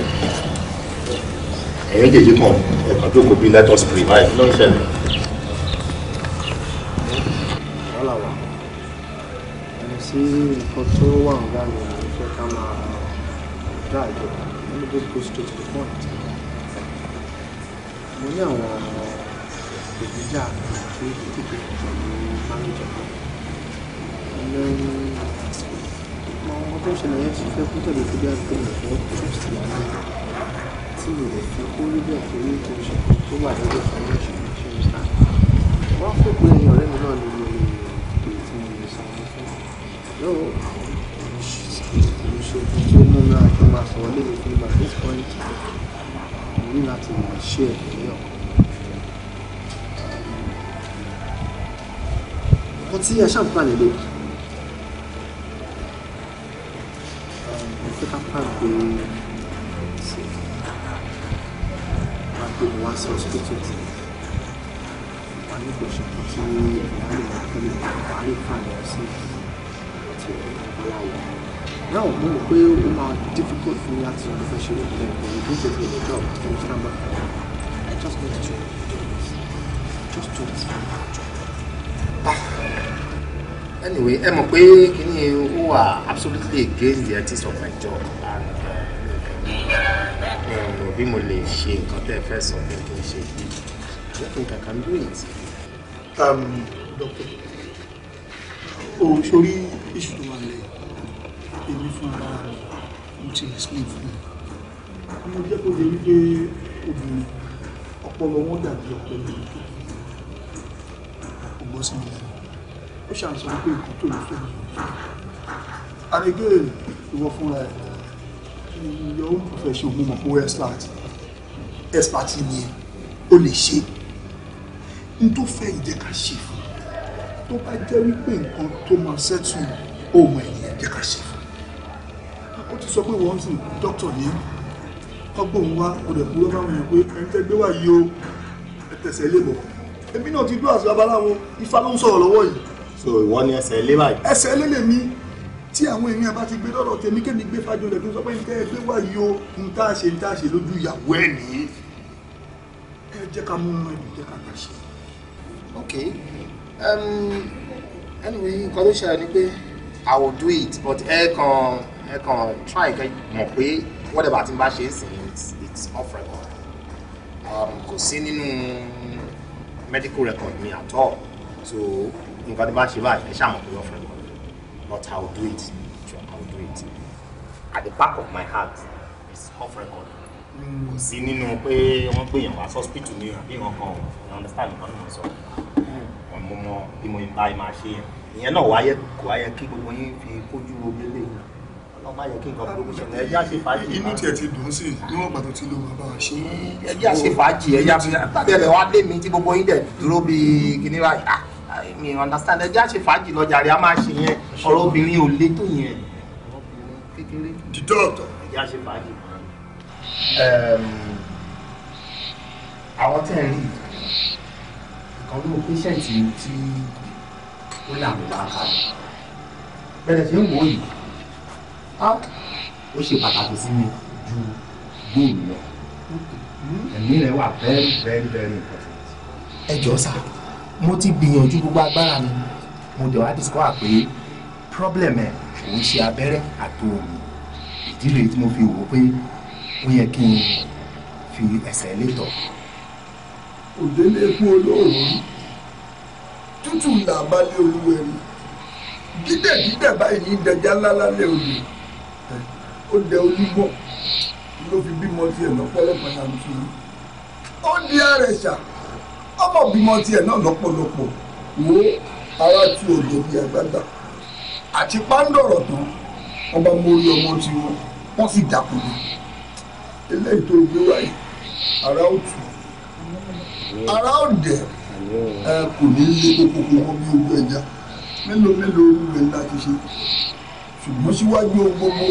ẹ̀yin jèjì kan ẹ̀kan jókòó bíi lettuce spray báyìí ló ń ṣẹlẹ̀. sí nǹkan tó wà ń gbà mí ní fẹ́ ká máa dá àjọ let me just to the point mo ní àwọn già qui tutti manager ọmọ tó ń ṣẹlẹ̀ yẹn ti fẹ́ kó tẹ̀lé tó bí àgbẹ̀ ìfẹ́ trust yàrá tí mi lè fẹ́ kó rí bẹ́ẹ̀ torí tó ń ṣe tó wà lórí financial insurance náà wọ́n pè pé ẹ̀yìn ọ̀rẹ́ mi náà ni mo lè pè tí mo lè san owó fún lọ́wọ́ ìṣègùn tí ó múná àjọ máa sọ̀rọ̀ lé mi fún ìgbà this point mo ní láti ṣe ẹ̀yọ̀. nǹkan tí ẹ ṣàǹfààní lè. ẹ ká pàgbé pàgbé wá sí hospital tí wà ní kò ṣe kí tí ìyá rẹ̀ wá kẹ́lẹ̀ wà rí fàlẹ́ sí difficult fún mi láti ọ̀dọ̀ fẹ́ ṣe lóògùn ẹ̀kọ́ ìdí ìṣètò ìjọba ìjọba I just need to do this just do this anyway ẹ mọ̀ pé kíní ó wà absolutely against the ethics of my job and eh, bí mo lè ṣe nǹkan tẹ́ ẹ fẹ́ sọ pé kí n ṣe I don't think I can do it. Um, doctor o sori iṣu tó wà lẹ èmi fún ara mo ti explain fún mi mo jẹ́ kó lè wípé obìnrin ọpọlọ wọn dàbí ọpọlọ ògbọ́sìn mi ó ṣàǹsọ wípé nǹkan tó lè fẹ́ àrègèrè ìwọ fúnra ẹ̀ your own profession mo mọ̀ pé ó expert expert ni ó lè ṣe n tó fẹ́ ìjẹ́ ká ṣe fún tó bá jẹ́ wípé nǹkan tó máa ṣẹ́tù ọmọ ènìyàn jẹ́ ká ṣe fún ó ti sọ pé wọ́n sì dókítà ní ọgbọ̀n wa kò dẹ̀ kúrò báwọn yẹn pé ẹni tẹ́ gbé wá yìí o ẹ tẹ̀sẹ̀ lébọ̀ èmi náà ti dúró àti babaláwo ifá ló ń sọ̀rọ̀ lọ́wọ́ yìí so ìwọ ni ẹsẹ̀ ilé báyìí. ẹsẹ̀ ilé lè mi tí àwọn èèyàn bá ti gbé lọ́rọ̀ tèmi kémi gbé fájọ rẹ̀ tó sọ pé ní tẹ́ ẹ gbé o n tá a ṣe n tá a ṣe lójú ìyàwó ẹ̀ nìyí ẹ jẹ́ ká mú inú ẹ̀dùn jẹ́ ká gbà ṣe. ok um, anyway nǹkan tó ṣẹlẹ̀ ni pé i will do it but ẹ kàn ẹ kàn try kẹ mọ̀ pé whatever ti bá ṣe é sìn it's off record um, kò sí nínú medical record mi at all so nǹkan tí bá ṣe báyìí ẹ ṣàmọ̀ pé ọ̀fẹ́ lọ but I will do it I will do it at the back of my heart is off record kò sí nínú pé wọ́n pè yàn wá hospital ní àbí nǹkan kan you understand nǹkan náà sọ wọn mo mọ bí mo bá máa ṣe yẹn ìyẹn náà wáyé kò wáyé kí gbogbo yín fi kójú omi lè yàn ọlọ́mọ ayẹ kí ti dùn sí níwọ̀n pàtó tí ló bàbá ṣe. ẹjá ṣe fàájì ẹjá tàbí ẹ̀rẹ̀ wá lé mi tí gbogbo yín dẹ̀ dúró bíi kíní báyìí. Ah! mi understand ẹ jẹ́ fàájì lọ́jà rẹ̀ a máa ṣe yẹn ọ̀rọ̀ obìnrin ò lé tó yẹn kékeré. the doctor. ẹ jẹ́ fàájì. àwọn tẹ̀ ń rí ìkan ló patient tí ó làwọn láǹkà bẹ̀rẹ̀ ṣe ń wò yìí ó ṣe pàtàkì sí mi ju góòlù lọ hmm? ẹ̀mí rẹ̀ wà very very very important ẹ jọ sáà mo ti gbìyànjú gbogbo agbára mi mo dẹ̀ wá discover pé problem ẹ̀ òun ṣe abẹ́rẹ́ àtòògùn ìdílé tí mo fi wò ó pé ó yẹ kí n fi ẹsẹ̀ létọ̀. òdélé kú olóòrùn tútù là bá lé olúwẹ̀rí dídẹ̀dídẹ̀ báyìí ní ìdẹ̀já lálálẹ̀ òde ó dẹ onígbọ̀n ló fi bímọ tiẹ̀ lọ́pọ̀lọpọ̀ yàtúrú ó di àrẹ̀ṣà ọmọ bímọ tiẹ̀ náà lọ́pọ̀lọpọ̀ wo ara tí o lè bí agbádá àti pándọ̀rọ̀ tán ọba mórí ọmọ tí wọn wọ́n sì dàkúdà eléyìí tó gbé wáyé ara ó tù ara ó dẹ̀ ẹ kò ní lé kókókó wọn bí ogun ẹja mélòó mélòó olúwe ńlá ti ṣe ṣùgbọ́n síwájú ohun gbogbo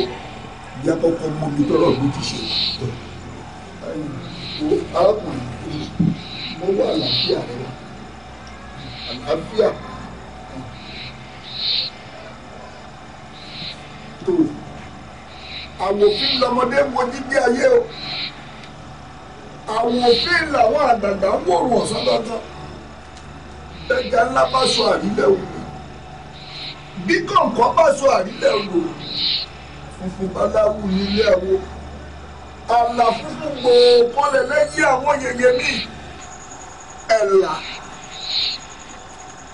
ìyá kọ́kọ́ mọ́bi tọ́rọ̀ bí ti ṣe arákùnrin mo wá àlàáfíà rẹ wá àlàáfíà tó àwòfin lọmọdé wo dídí ayé o àwòfin làwọn àdàgbà ń wòrùn ọ̀sán dandan ẹja ńlá bá sọ àrílẹ̀ òwò bí kọ̀ǹkọ̀ bá sọ àrílẹ̀ òwò funfun bá dáwù nílé àwo àlà funfun gbòó kọ́lẹ̀ lẹ́yìn àwọn yẹyẹ míì ẹ̀là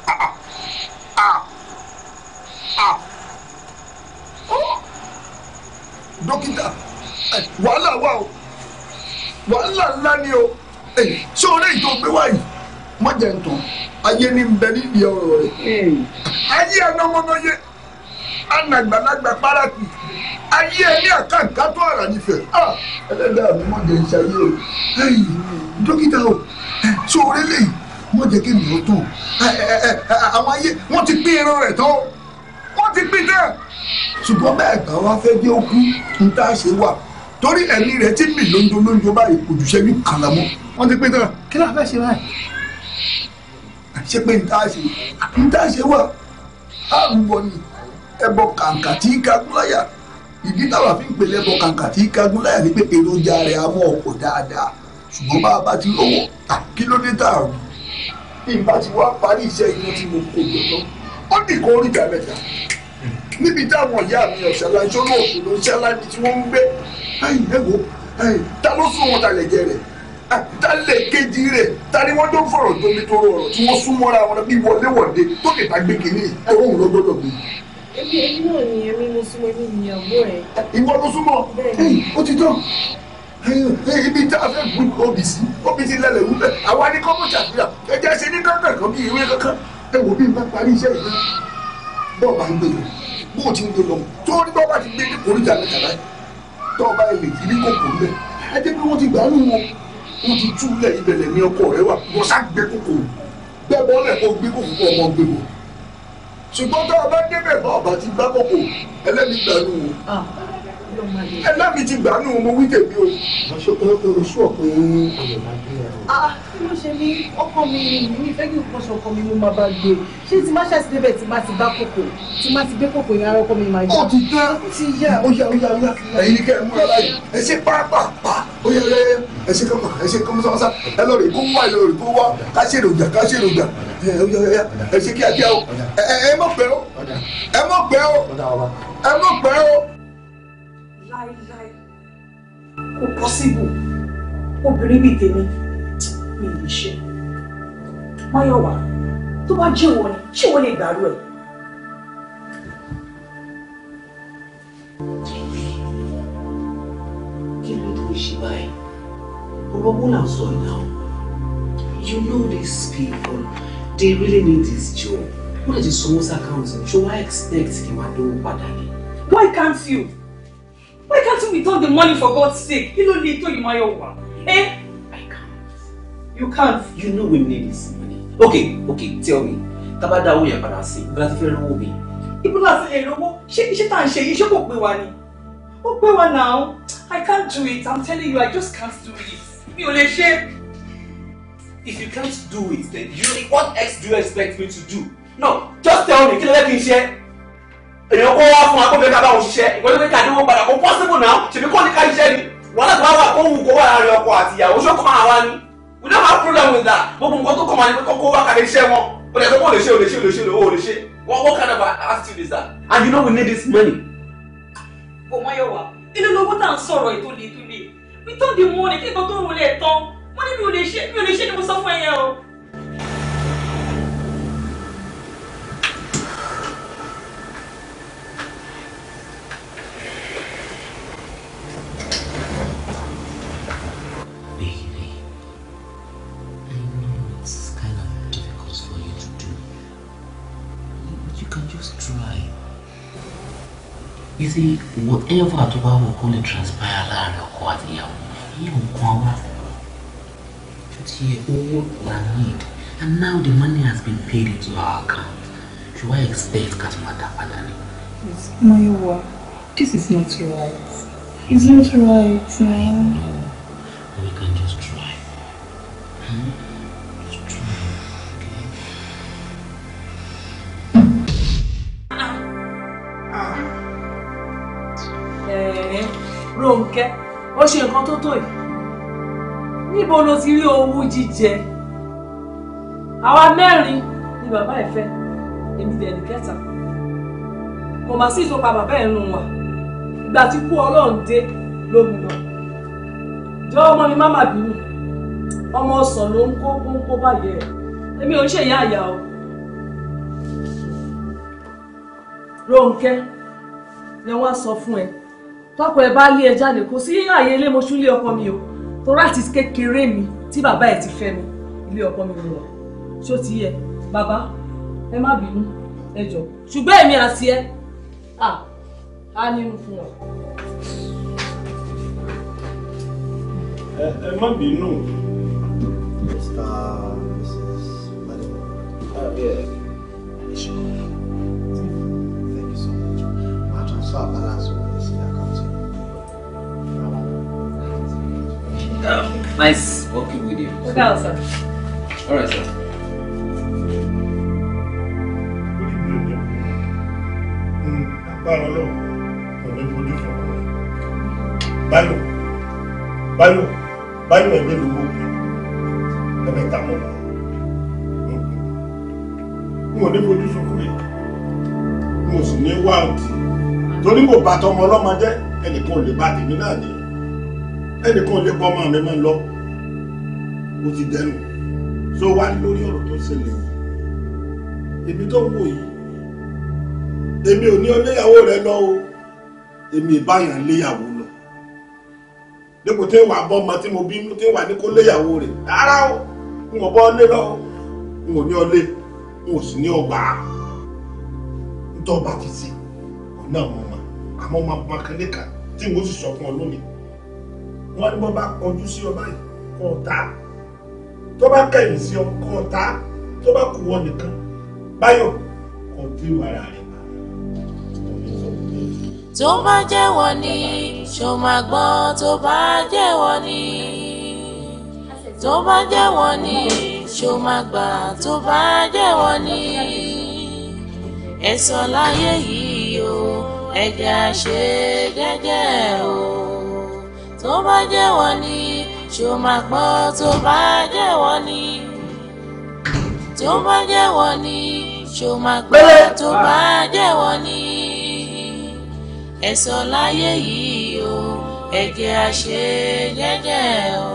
ah, ah. ah. oh. dókítà wàhálà wà o wàhálà ńlá ni o ṣé o lè tó gbé wáyé mọ̀jẹ̀ ń tán ayé ní bẹ nídìí ọ̀rọ̀ rẹ̀ hmm. ayé ẹ̀ náà mọ́ná yẹ anagbalagba paraki ayé ẹni àkàǹkà tó ara nífẹ̀ẹ́ ah ẹlẹ́dàá mi mọ̀ jẹ́ ìṣayé o dókítà o sọ orílẹ̀ yìí mọ̀ jẹ́ kí mi ò tó àwọn ayé wọ́n ti pín irun rẹ̀ tán wọ́n ti pín tán ṣùgbọ́n bẹ́ẹ̀ kan wá fẹ́ bí ó kú ń tá a ṣe wà torí ẹ̀mí rẹ̀ ti mì lóńdó lóńdó báyìí kò jù ṣẹ́jú kan wọ́n ti pín tán kí ló fẹ́ ṣe báyìí ṣé pé ń tá a ṣe wà á rúbọ ni ẹbọ kàǹkà tí í kagun láyà ìdí táwa fi ń pèlè ẹbọ kàǹkà tí í kagun láyà ni pé èròjà rẹ̀ á mọ̀ ọ̀pọ̀ dáadáa ṣùgbọ́n bá a bá ti lówó kí ló dé tá a rù bí n bá ti wá parí iṣẹ́ iná tí mo kò lọ́tọ́ ó dì kó orí ìgbà mẹ́ta níbi táwọn ìyá mi ọ̀ṣàlàjọ́ lóòkù ló ń ṣàlàyé tí wọ́n ń gbé ẹ̀yìn ta ló sún wọn talẹ̀ jẹ rẹ̀ ta lè kejì rẹ̀ ta ni wọ́n tó ń fọ̀rọ̀ domi tó rọrọ̀ tí wọ́n sún mọ́ra wọn bí wọléwọ̀de tó lè gbé kínní òun ló gbọ́dọ̀ gbé èmi èmi náà ni èmi mo súnmọ́ èmi ìyàwó ẹ̀. ìwọ ló súnmọ́ ó ti tán ibi tá a fẹ́ gbin obì sí obì ti lẹlẹ̀ wúlẹ̀ àwa ni kọ́mọ̀ ṣàfihàn ẹ jẹ́ ṣe ní kankan kan bí ìwé kankan ẹ wò bí n bá parí iṣẹ́ yìí bọ́ọ̀ bá ń gbé lọ bó ti ń gbé lọ tó ní bá wà ti gbé ní kórìíjà lẹ́jà láì tó ọba ẹ̀ lè fi ní kòkó lẹ̀ ẹ jẹ́ pé wọ́n ti gbà nù wọn wọ́n ti tú lẹ̀ ibẹ̀lẹ̀ ní ọkọ rẹ wà wọ́n sá gbé bẹ́ẹ̀ bọ́ọ̀lẹ̀ kó gbé kòkó kó ọmọ gbé wọn ṣùgbọ́n tá a bá débẹ̀ bá ọba ti gbá kókò ẹlẹ́ni gbẹ̀rù o. Ah ẹ lábì ti gbà nù mo wí tèmi o. oṣù ọ̀pẹ ah, ah, ló ṣe ní ọkọ mi ìlú ìfẹ́ kí nǹkan ṣọkọ mi mo máa bá gbé ṣé tí má ṣàṣì débẹ̀ tí má ti bá kòkò tí má ti gbé kòkò yẹn ara ọkọ mi máa yá. ó ti tán ti yá ó yá ó yá ó yá ẹ̀yin kẹ́ ẹ mú ara ẹ ṣe pápápá ó yẹ ẹ ẹ ṣe kọ́mọ ẹ ṣe kọ́mọ sọ́mọ́sá ẹ lọ rè kó wá ẹ lọ rè kó wá ká ṣe èròjà ká ṣe èròjà ẹ ó yá ó yá ẹ ṣe kíákíá o ẹ ẹ mọ̀ pẹ́ o ẹ mọ̀ pẹ́ o ẹ mọ̀ pẹ́ o kò pọ́síbù obìnrin bíi tèmi mi lè ṣe Máyọ̀wá tó bá jẹ́ ìwọ ni ṣé ìwọ lè gbàrú ẹ̀. kí ló dé ṣe báyìí ọ̀rọ̀ wo là ń sọ ìná you know these people they really need this job wọ́n lè ti sanwó sí àkáǹtì ṣé wọ́n expect kí n máa dánwó padà ni. why can't you. Why can't you return the money for God's sake? Kí you my own one. Eh? I can't. You can't. You know we need this money. Okay, okay, tell me. Tabada wo ya para si. Bra ti fẹ́ mi. Ibo la ṣe rówó. She she tan she. She yìí ṣé kò pé wa wa now. I can't do it. I'm telling you I just can't do it. Mi ò lè ṣe. If you can't do it, then you what else do you expect me to do? No, just tell me. Kí ló fẹ́ kí èèyàn kó wá fún akóbìnrin kábà òṣìṣẹ́ ìgbọ́dọ̀ pé kàdé wọn padà kó pọ́sibù náà ṣèbí kò ní ká iṣẹ́ ni wọn láti wá wà kó wù kó wà láàrin ọkọ àti ìyàwó ṣókò máa wá ní we don't have problem with that gbogbo nǹkan tó kọ̀ máa ní pé kókó wá kàdé iṣẹ́ wọn ó lè sọ pé ó lè ṣe ó lè ṣe ó lè ṣe ó lè ṣe what what kind of attitude is that and you know we need this money. kò mọ yọ wá nínú lówó tá à ń sọ̀rọ̀ ètò lè tó lè we don dey money kí nǹkan tó ń wọlé ẹ̀ tán wọ́n ní mi ò lè ṣe mi ò lè ṣe ni mo sọ fún See whatever tó bá wù kó lè transpire láàrin ọkọ àti ìyàwó ìyẹn nǹkan wá ti yẹ owó la need and now the money has been paid into our account ṣe I expect ká tó máa dá this is not right. It's not right, man. No, we can just try. Hmm? Ronke ó ṣe nǹkan tó tó yìí níbo ló ti rí owó jíjẹ àwa mẹ́rin ni bàbá ẹ̀ fẹ́ èmi dẹ̀ ní kẹta kò má sí ìtòpa bàbá ẹ̀ nù wá ìgbà tí kú ọlọ́run dé lómi lọ jọ̀ọ́ ọmọ mi má má bínú ọmọ ọsàn ló ń kó ń kó báyẹn èmi ò ń ṣèyá àyà o Ronke lẹ wá sọ fún ẹ tọkọ ẹ bá lé ẹ jáde kò sí àyè ilé moṣú ilé ọkọ mi o tó láti kékeré mi tí bàbá ẹ ti fẹ́ mi ilé ọkọ mi lọ ṣó ti yẹ bàbá ẹ má bínú ẹ jọ ṣùgbọ́n èmi àti ẹ á nínú fún ọ. ẹ má bínú. Mr. Mrs. Madam. Uh, Thank you so much. Màá tún sọ Um, nice working with you. Look out, sir. All right, sir. Báyọ̀ Báyọ̀ Báyọ̀ ẹ̀mí ló mú ẹ̀mí ta mọ́. N ò ní fojú sunkún rẹ̀, n ò sì ní wáàdì. Torí mo bàtọ́ ọmọ ọlọ́mọ jẹ́, ẹnìkan ò lè bá tèmi náà jẹ́ ẹnìkan lè pọ ọmọ mi máa ń lọ ó ti dẹnu tó wá lórí ọ̀rọ̀ tó ṣẹlẹ̀ yìí èmi tó wò yìí èmi ò ní oléyàwó rẹ lọ o èmi ìbáyàn léyàwó lọ dípò tí wàá bọ́ ọmọ tí mo bí tí wàá ní kó léyàwó rẹ rárá o n ò bọ́ ọlé lọ o n ò ní ọlé n ò sì ní ọgbà ntọ́ bá ti sí ọ̀nà àwọn ọmọ àmọ́ ọmọ kan lẹ́ka tí mo sì sọ fún ọ lónìí wọ́n ní wọ́n bá kọjú sí ọba yìí kọ́ ọ̀tá tó bá kẹ̀yìn sí ọ kọ́ ọ̀tá tó bá kù wọ́n nìkan báyọ̀ kọ́ bí wàrà rẹ̀ tó bá jẹ́wọ́ ni ṣó máa gbọ́ tó bá jẹ́wọ́ ni tó bá jẹ́wọ́ ni ṣó máa gbà tó bá jẹ́wọ́ ni ẹ̀sọ́ láyé yìí o ẹ̀jẹ̀ àṣẹ jẹ́jẹ́ o tó bá jẹ́ wọ́n ni ṣó máa gbọ́ tó bá jẹ́ wọ́n ni tó bá jẹ́ wọ́n ni ṣó máa gbọ́ tó bá jẹ́ wọ́n ni ẹ̀sọ́ láyé yìí o ẹ̀jẹ̀ àṣẹ jẹ́jẹ́ o.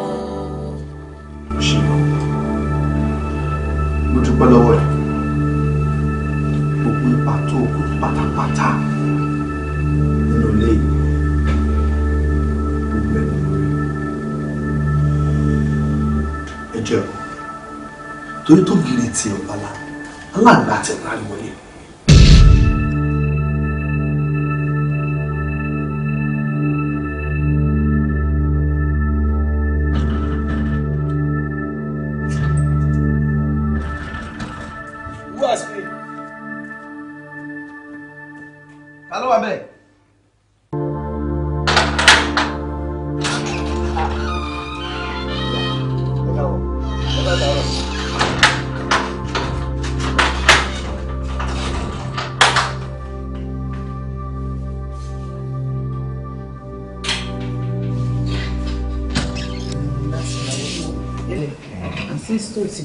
mo dúpẹ́ lọ́wọ́ rẹ̀ gbogbo ipa tó kù pátápátá nínú ilé yìí. jẹ́ o torí tó gírí ti ọ̀pá la aláàgbà àti ìlànà wọlé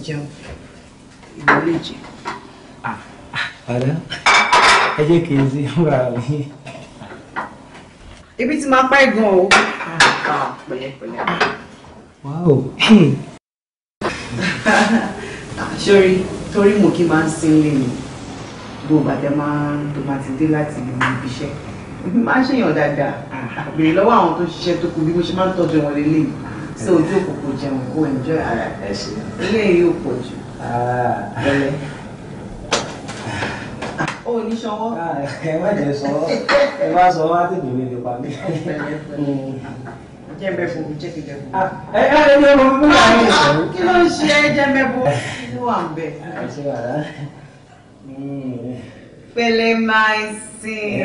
jẹun ìwọ lè jẹ. ọ̀rẹ́ ah, ah. ẹ jẹ́ kí n sí ọ̀rọ̀ àwọn yìí. ibi tí máa pa ẹ̀gàn o. pẹ̀lẹ́pẹ̀lẹ́. Ah, wáò. sori torí mo kí máa ń sinle ni bó bàtẹ máa ń tó máa ti dé láti ibi iṣẹ́ máa ń ṣèyàn dáadáa béèrè lọ́wọ́ àwọn tó ṣiṣẹ́ tó kù bí mo ṣe máa ń tọ́jú wọn lélẹ́yìí so ojú òkòkò jẹun kó enjoy ara ẹ ṣe ilé yìí ò pọ̀ jù ah. bẹ́ẹ̀ ó ah. ní sanwó. Ah, ẹ má jẹ sọ ẹ má sọ wá tèmi mi lè pa mí. jẹ́ńbẹ́ fún mi jẹ́kí jẹ́ fún mi. ẹ ẹ ẹ ní ọmọ mi máa ń sọ. kí ló ń ṣe jẹ́ńbẹ́ bó ló wà ń bẹ̀. pẹ̀lẹ́ máa ń sìn.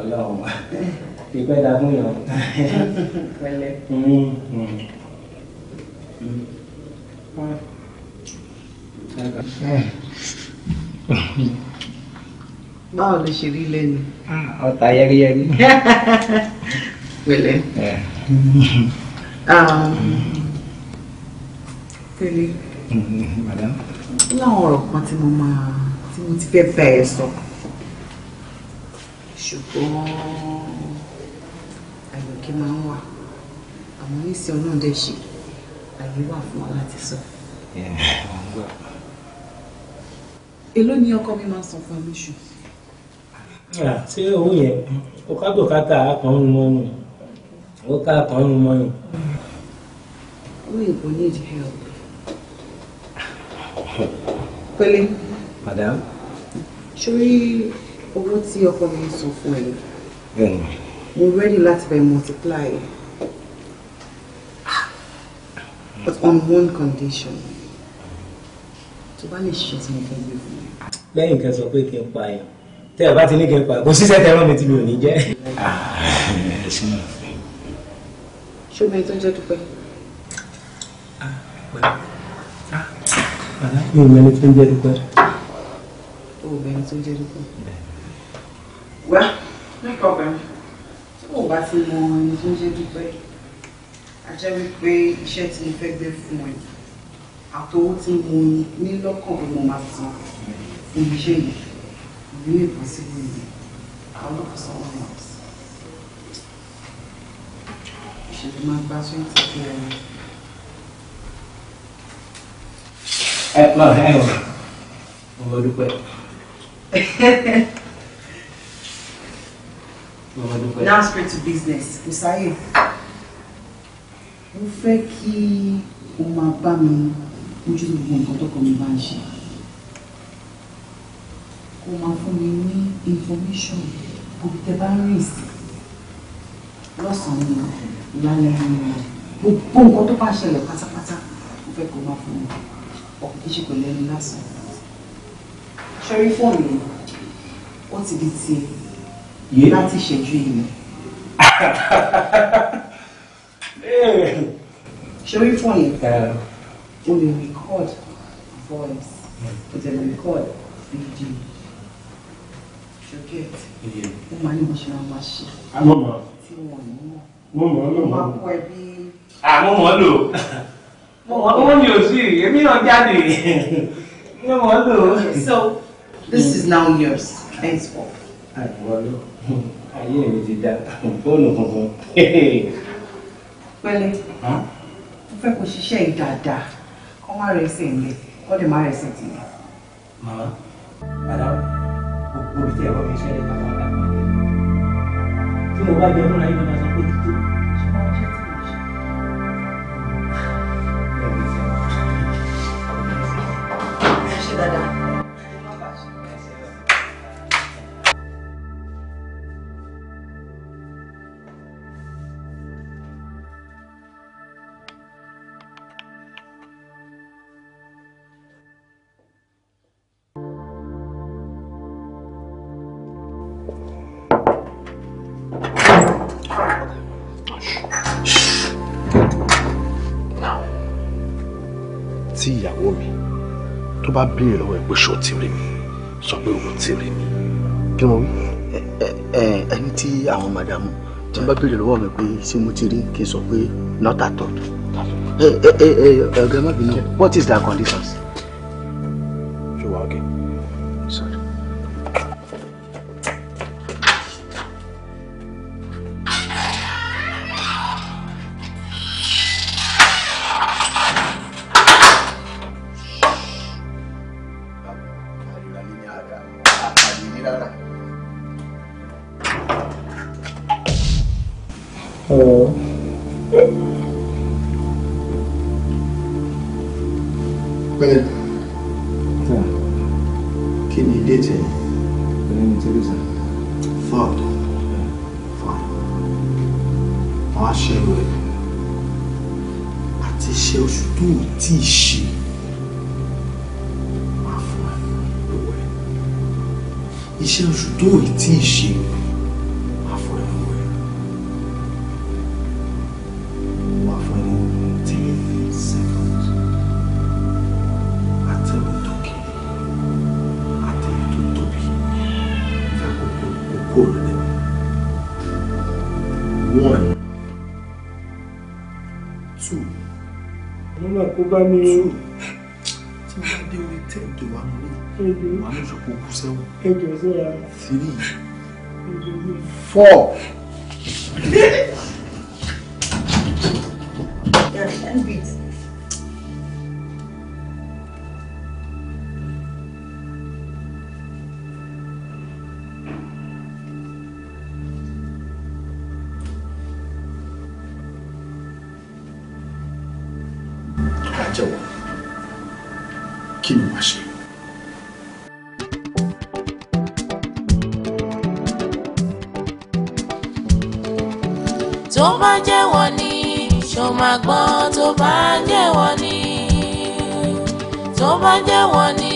ọlọ́run. ìpẹ́ da fún yàn. pẹ̀lẹ́. báwo ló ṣe rí lẹ́nu. ọ̀tá yẹ́rìyẹ́rì. pẹ̀lẹ́. pẹ̀lẹ́. Um, láwọn ọ̀rọ̀ kan tí mo máa tí mo ti fẹ́ bá ẹ sọ ṣùgbọ́n kí n máa ń wà àmọ́ nísìn ọlọ́run dẹ̀ ṣe àyè wà fún wa láti sọ. èló ni ọkọ mi máa ń san fún lóṣù. Ah, ṣé owó yẹn ó kágbó káta àkàn ń mọ ni ó ká àkàn ń mọ ni. oyinbo need help. pẹ̀lẹ́. madam. sórí owó tí ọkọ mi ń fún ẹ mo ready láti bẹ multiply but on one condition tó bá lè ṣe tí mo fẹ́ gbé fún mi. lẹ́yìn fire. sọ pé kí n pa ẹ̀ tẹ́ ẹ bá ti ní kí n pa kò síṣẹ́ tẹ́ ẹ rán mi tí mi ò ní jẹ́. ṣùgbọ́n ètò ń jẹ́ dúpẹ́. mi ò mẹ́ni tó ń jẹ́ dúpẹ́. Ah, ah, well no problem kò bá ti mọ ẹni tó ń jẹ́ dúpẹ́ a jẹ́ wípé iṣẹ́ tí mo fẹ́ gbé fún ẹ àtọwọ́ tí mo ní lọ́kàn pé mo máa san fún iṣẹ́ yìí ìlú nìkan sí ìlú yìí àwọn ọlọ́pàá sọ wọn náà ìṣẹ̀lẹ̀ máa gba twenty three ẹ̀rọ. ẹ máa ẹ ọ mo lọ dúpẹ́. now straight to business. Musaye, mo fẹ́ kí o máa bá mi mójútó gbogbo nǹkan tọkọ mi bá ń ṣe. Kó o máa fún mi ní information gbogbo tẹ bá ń rìn sí. Lọ́sàn-án ni lálẹ́ ni gbogbo nǹkan tó bá ṣẹlẹ̀ pátápátá mo fẹ́ kó o máa fún mi. Ọkùnrin kìí ṣe pẹ̀lú ẹni lásán. Ṣé rí fóònù yẹn? Ó ti di tiẹ̀ yìí láti ṣẹ́jú yìí ni. ṣé orí fún yẹn o lè record voice Put hmm. the record video ṣókè ó máa ní mo My máa ma ṣe. àmọ́ mọ́ tí wọ́n ní mọ́. mo mọ̀ ọ́ lò mọ́. máa kọ ẹbí. àmọ́ mọ́ lò mo mọ̀ ọ́ ní ah, òsì èmi náà jáde mo mọ̀ ọ́ so this is now yours Thanks for àìwọlọ ayé mi ti da fóònù funfun. pẹ̀lẹ́ mo fẹ́ kó ṣiṣẹ́ yìí dáadáa kó má rẹ̀ sí ilé kó lè má rẹ̀ sí tìlẹ̀. màmá padà gbogbo ibi tí ẹ̀rọ mi ṣẹlẹ̀ pàtàkì tí mo bá jẹ́ fúnra yín lọ́wọ́. bá béèrè lọ́wọ́ ẹ pé ṣó ti rí mi sọ pé òun ti rí mi. kí ni mo wí. ẹni tí àwọn màdàmú tí wọ́n bá béèrè lọ́wọ́ mi pé ṣé mo ti rí kí n sọ pé not at all. ọ̀gá má bínú what is their condition? ṣé wàá kẹ́. three four. jẹ́ wọ́n ni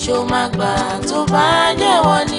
ṣó máa gbà tó bá jẹ́ ni.